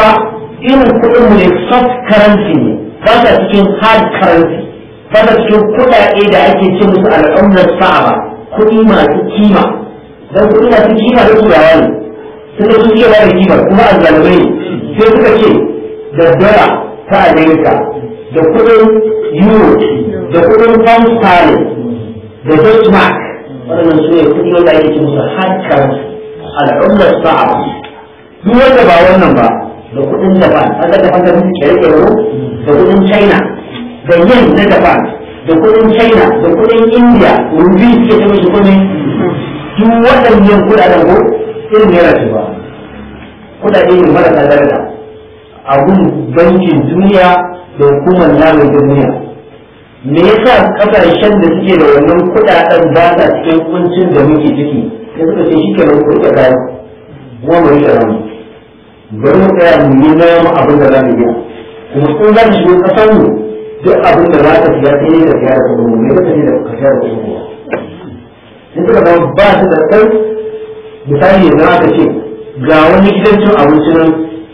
irin kudin mu ne soft currency ne ba ta cikin hard currency ba ta cikin kudade da ake ce musu al'ummar sa'a ba, kuɗi masu kima don kuɗi masu kima da turawa ne kuma sun ce ba da kimar kuma a zalimai sai suka ce da dara ta amerika da kudin euro da kudin pound sterling da dutch mark waɗannan su ne kudi wanda ake ce musu hankar al'ummar sa'a duk wanda ba wannan ba da kudin japan an da japan da mutu kere-kere da kudin china da yin na japan da kudin china da kudin india rubi suke ta musu kudin duk waɗannan kudaden ko irin yana ce ba ne marasa daraja a bankin duniya da hukumar namun duniya me yasa kasashen da suke da wannan kudaden ba sa cikin kuncin da muke ciki da suka ce shi ke nan kuɗi da kuma mu rike ramu bari mu tsaya mu yi na abin da za mu yi kuma kun za mu shigo kasan mu duk abin da za ka siya sai ne ka siya da kuɗin mu me ka siya da kuɗin mu in suka zama ba su da kai misali za ka ce ga wani gidan cin abinci nan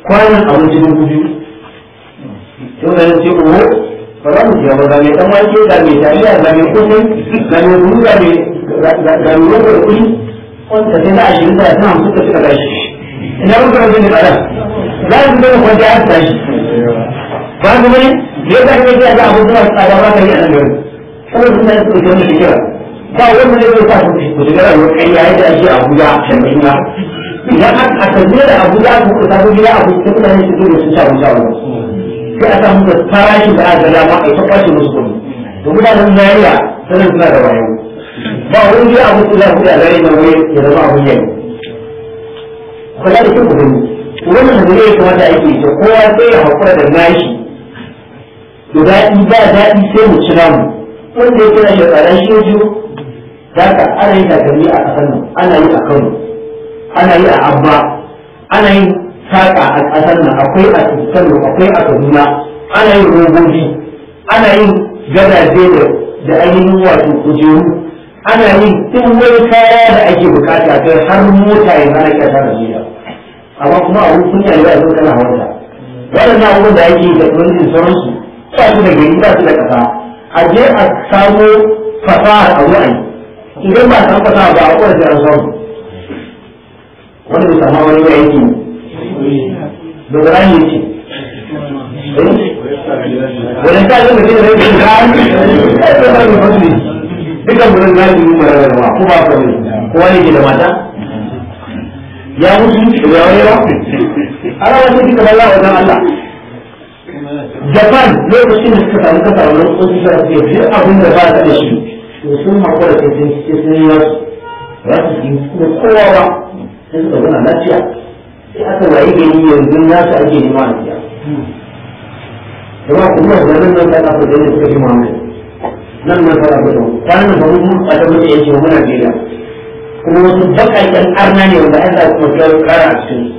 kwanan abinci nan gudu yau da ce ko ba za mu siya ba mai dan wake ga mai tariya ga mai kusur ga mai gudu ga mai ga mai yau da kuri wanda sai na ashirin da ta da suka ina mun fara jin da za su zama kwanci a tashi ba su bane da ya ta ga abin da tsada ba ka yi a nan gari saboda suna yin tsoron da kira ba wanda ne zai sa su ne ku daga rayuwar kai yi da ake abuja can da ina idan aka asalne da abuja su ku samu gida a kusa kuma ne su zo su samu samu sai a samu da farashin da aka dama a ita kwashe musu kuɗi to mutanen Najeriya sanin suna da wayo ba wani gida a kusa za ku da zai na wai ya zama abun yau kula da kuma gani wannan da zai kamata ake ce kowa sai ya hakura da nashi to daɗi ba daɗi sai mu ci namu wanda ya kira shi a tsaron shi Daka ana yi takalmi a ƙasar nan, ana yi a Kano, ana yi a Abba, ana yin saƙa a ƙasar nan, akwai a Kano, akwai a Kaduna, ana yin robobi, ana yin gadaje da da ainihin wato kujeru, ana yin duk wani kaya da ake bukata kai har mota ya mana ƙasa da jiya. Amma kuma a wurin yi ya zo kana hawanta. a abubuwan da ake yi da tsoron sauransu, ba su da gari ba su da ƙasa. A je a samo fasahar a wa'ayi. idan ba san fasa ba a kwanci an samu wani bai sama eh? wani ya yake dogara ne ce wani ta yi mutum da rai da rani ya yi zama da mutum dukkan na yi mara rarwa ko ba ko ne kowa ne ke da mata ya mutu ya wani ba ana wasu duka balla wajen Allah Japan lokacin da suka samu kasa wani kusurci da suke fi abin da ba ta da shi to sun haƙura sai sun sai sun yi wasu ba su yi kuma kowa ba sai suka zauna lafiya sai aka waye gari yanzu na su ake nema a biya kuma kuma zanen nan kan aka zanen suka ji muhammad nan nan fara fito ta nan ba mun a da mutum yake muna biya kuma wasu bakakken arna ne wanda aka kuma kara a cikin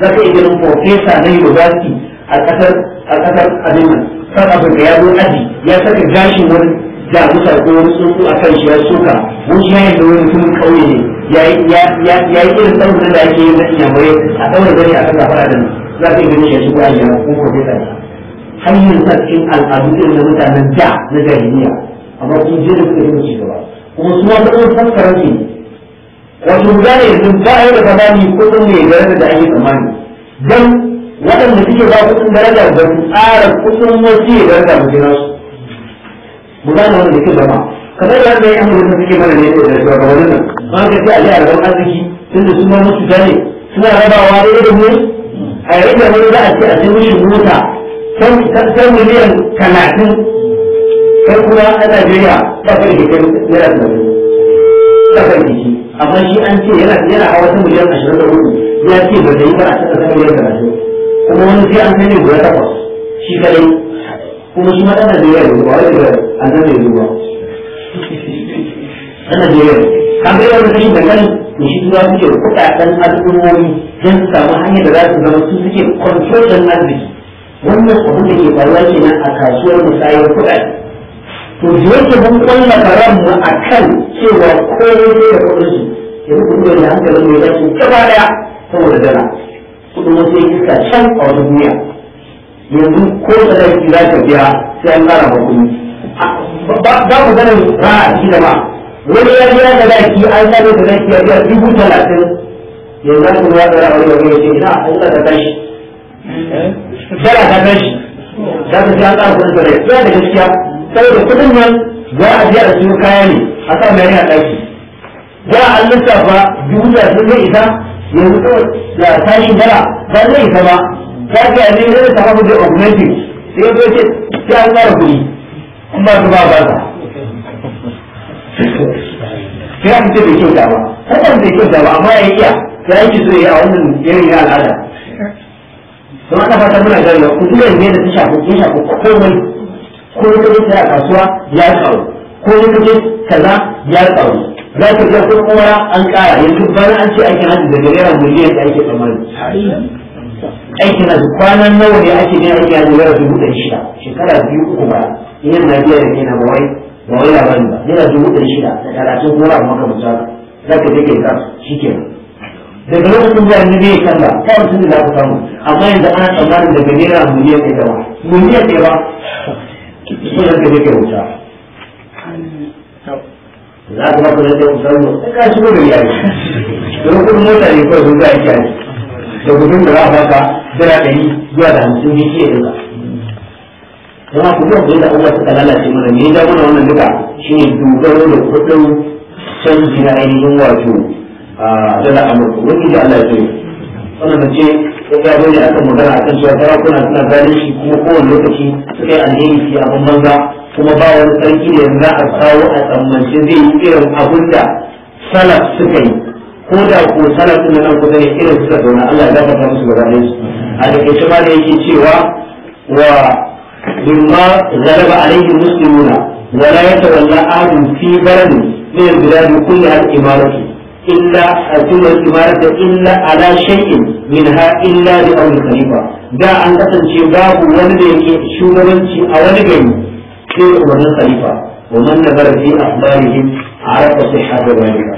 za ka iya ganin profesa na university a ƙasar a ƙasar abin nan kan abin da ya zo aji ya saka gashin wani da kusa ko wani tsoku a kan shi ya soka wuce ya da wani mutumin kauye ne ya yi irin tsawon da ake yi na mai a tsawon gani a kan gafara da za ka yi gani shi ya yi ko profesa ne hanyar sa cikin al'adu irin na mutanen da na jahiliya amma kun je da kuma yi mace gaba kuma su ma tsawon fassara ne wato gane yanzu ba a yi da sun ne mai daraja da ake tsammani dan waɗanda suke ba kudin daraja da tsara kudin wasu ya daraja mu su mu da ke zama kamar da wanda ya amma wanda suke mana ne da zuwa ga wannan ba ka ce alai arban arziki tunda su ma musu gane suna rabawa da da mu a yayin da wani za a ce a sai mishi mota san miliyan talatin kai kuma a Najeriya ba ka da kai naira talatin ba ka da shi amma shi an ce yana yana hawa ta miliyan ashirin da hudu ya ce ba da yi ba a ta ta miliyan talatin kuma wani sai an kai ne guda takwas shi kadai kuma shi ma ɗan Najeriya ne ba wai da a zama yiwuwa ana da yau kan bai wani rashin da kan da shi tura suke kuɗaɗen al'ummomi don su samu hanyar da za su zama su suke kwantrolin arziki wannan abin da ke faruwa na a kasuwar musayar kuɗaɗe to da yake mun kwallafa ranmu a kan cewa komai sai da kuɗin su yanzu kuɗin da hankalin mai zasu gaba ɗaya saboda dala kuɗin wasu iska can a wani duniya yanzu ko da zai za ka biya sai an ƙara hukunci ba mu ganin a shi da ba wani ya biya da zaki an sani da zaki ya biya dubu talatin yanzu an kuma ya tsara wani wani ya ce ina an tsara da kashi dala ta kashi za ta sai an tsara kudin da ya da gaskiya saboda kudin nan za a biya da su kaya ne a sa mai yana ɗaki za a lissafa dubu talatin zai isa yanzu kawai da tashi dala ba zai isa ba za ta ga ne zai ta hafi da augmenting sai ya ce sai an tsara kuɗi in ba su ba ba za sai an ce bai kyauta ba sannan bai kyauta ba amma ya iya ya yi so ya a wannan yanayin ya al'ada don ana fata muna gani ku tura ne da ta shafi ya shafi komai ko ya kaje a kasuwa ya tsaro ko ya kaje kaza ya tsaro za ka ga kuma waya an kara yanzu bana an ce aikin hajji daga naira miliyan da ake tsammani aikin hajji kwanan nawa ne ake ne aikin hajji naira dubu ɗari shida shekara biyu uku baya yin na biyar ne na bawai bawai labarin ba yana dubu ɗari shida da talatin ko ra'a maka mutuwa za ka je kai kasu shi kenan daga lokacin da ni bai kalla ta mutum da za ku samu amma yanzu ana tsammanin daga naira miliyan ɗaya ba miliyan ɗaya ba so za ka je ke wuta za ka ba ku da ku samu ka shigo da iyali don kuma mota ne kawai sun ga iyali da gudun da za a baka da ɗari zuwa da hamsin ne ke da kuma ku kuma da Allah suka lalace mana ne da mana wannan duka shine dogaro da kudin canji na ainihin wato a dala amurka wani da Allah ya ce wannan ce ko ya bari akan magana akan cewa kuna suna shi kuma kowane lokaci suka yi shi a abin banza kuma ba wani sarki da za a kawo a tsammance zai yi irin abin da salaf suka yi ko da ko salaf ɗin nan kusa ne irin suka zauna Allah ya gafarta musu gaba ɗaya a da ke ma da yake cewa wa مما غلب عليه المسلمون ولا يتولى أحد في بلد من البلاد كلها الإمارة إلا ثم الإمارة إلا على شيء منها إلا لأول الخليفة دا أن تسنشي باب ولدك شو ولدك أولك sai umarnin khalifa wa man nazara fi akhbarihim arafa sihhat dhalika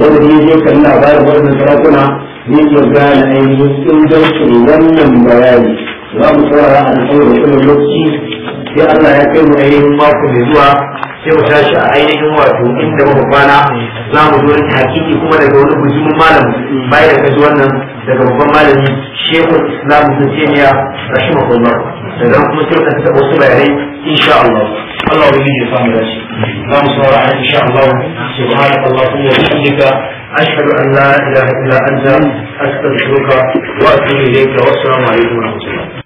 wanda ne zai kalli labarin wannan sarakuna zai iya gane ainihin ingancin wannan bayani za mu saurara a nan saboda lokaci sai Allah ya kai mu ainihin mako mai zuwa sai mu tashi a ainihin wato inda muka kwana za mu zo wani hakiki kuma daga wani bujimin malam bayan da kaji wannan daga babban malami shehu islam sun ce ne daga kuma sai ka taɓa wasu bayanai insha Allah Allah wani ne samu dace za mu saurara a insha Allah subhanahu wa bihamdika أشهد أن لا إله إلا أنت أستغفرك وأتوب إليك والسلام عليكم ورحمة الله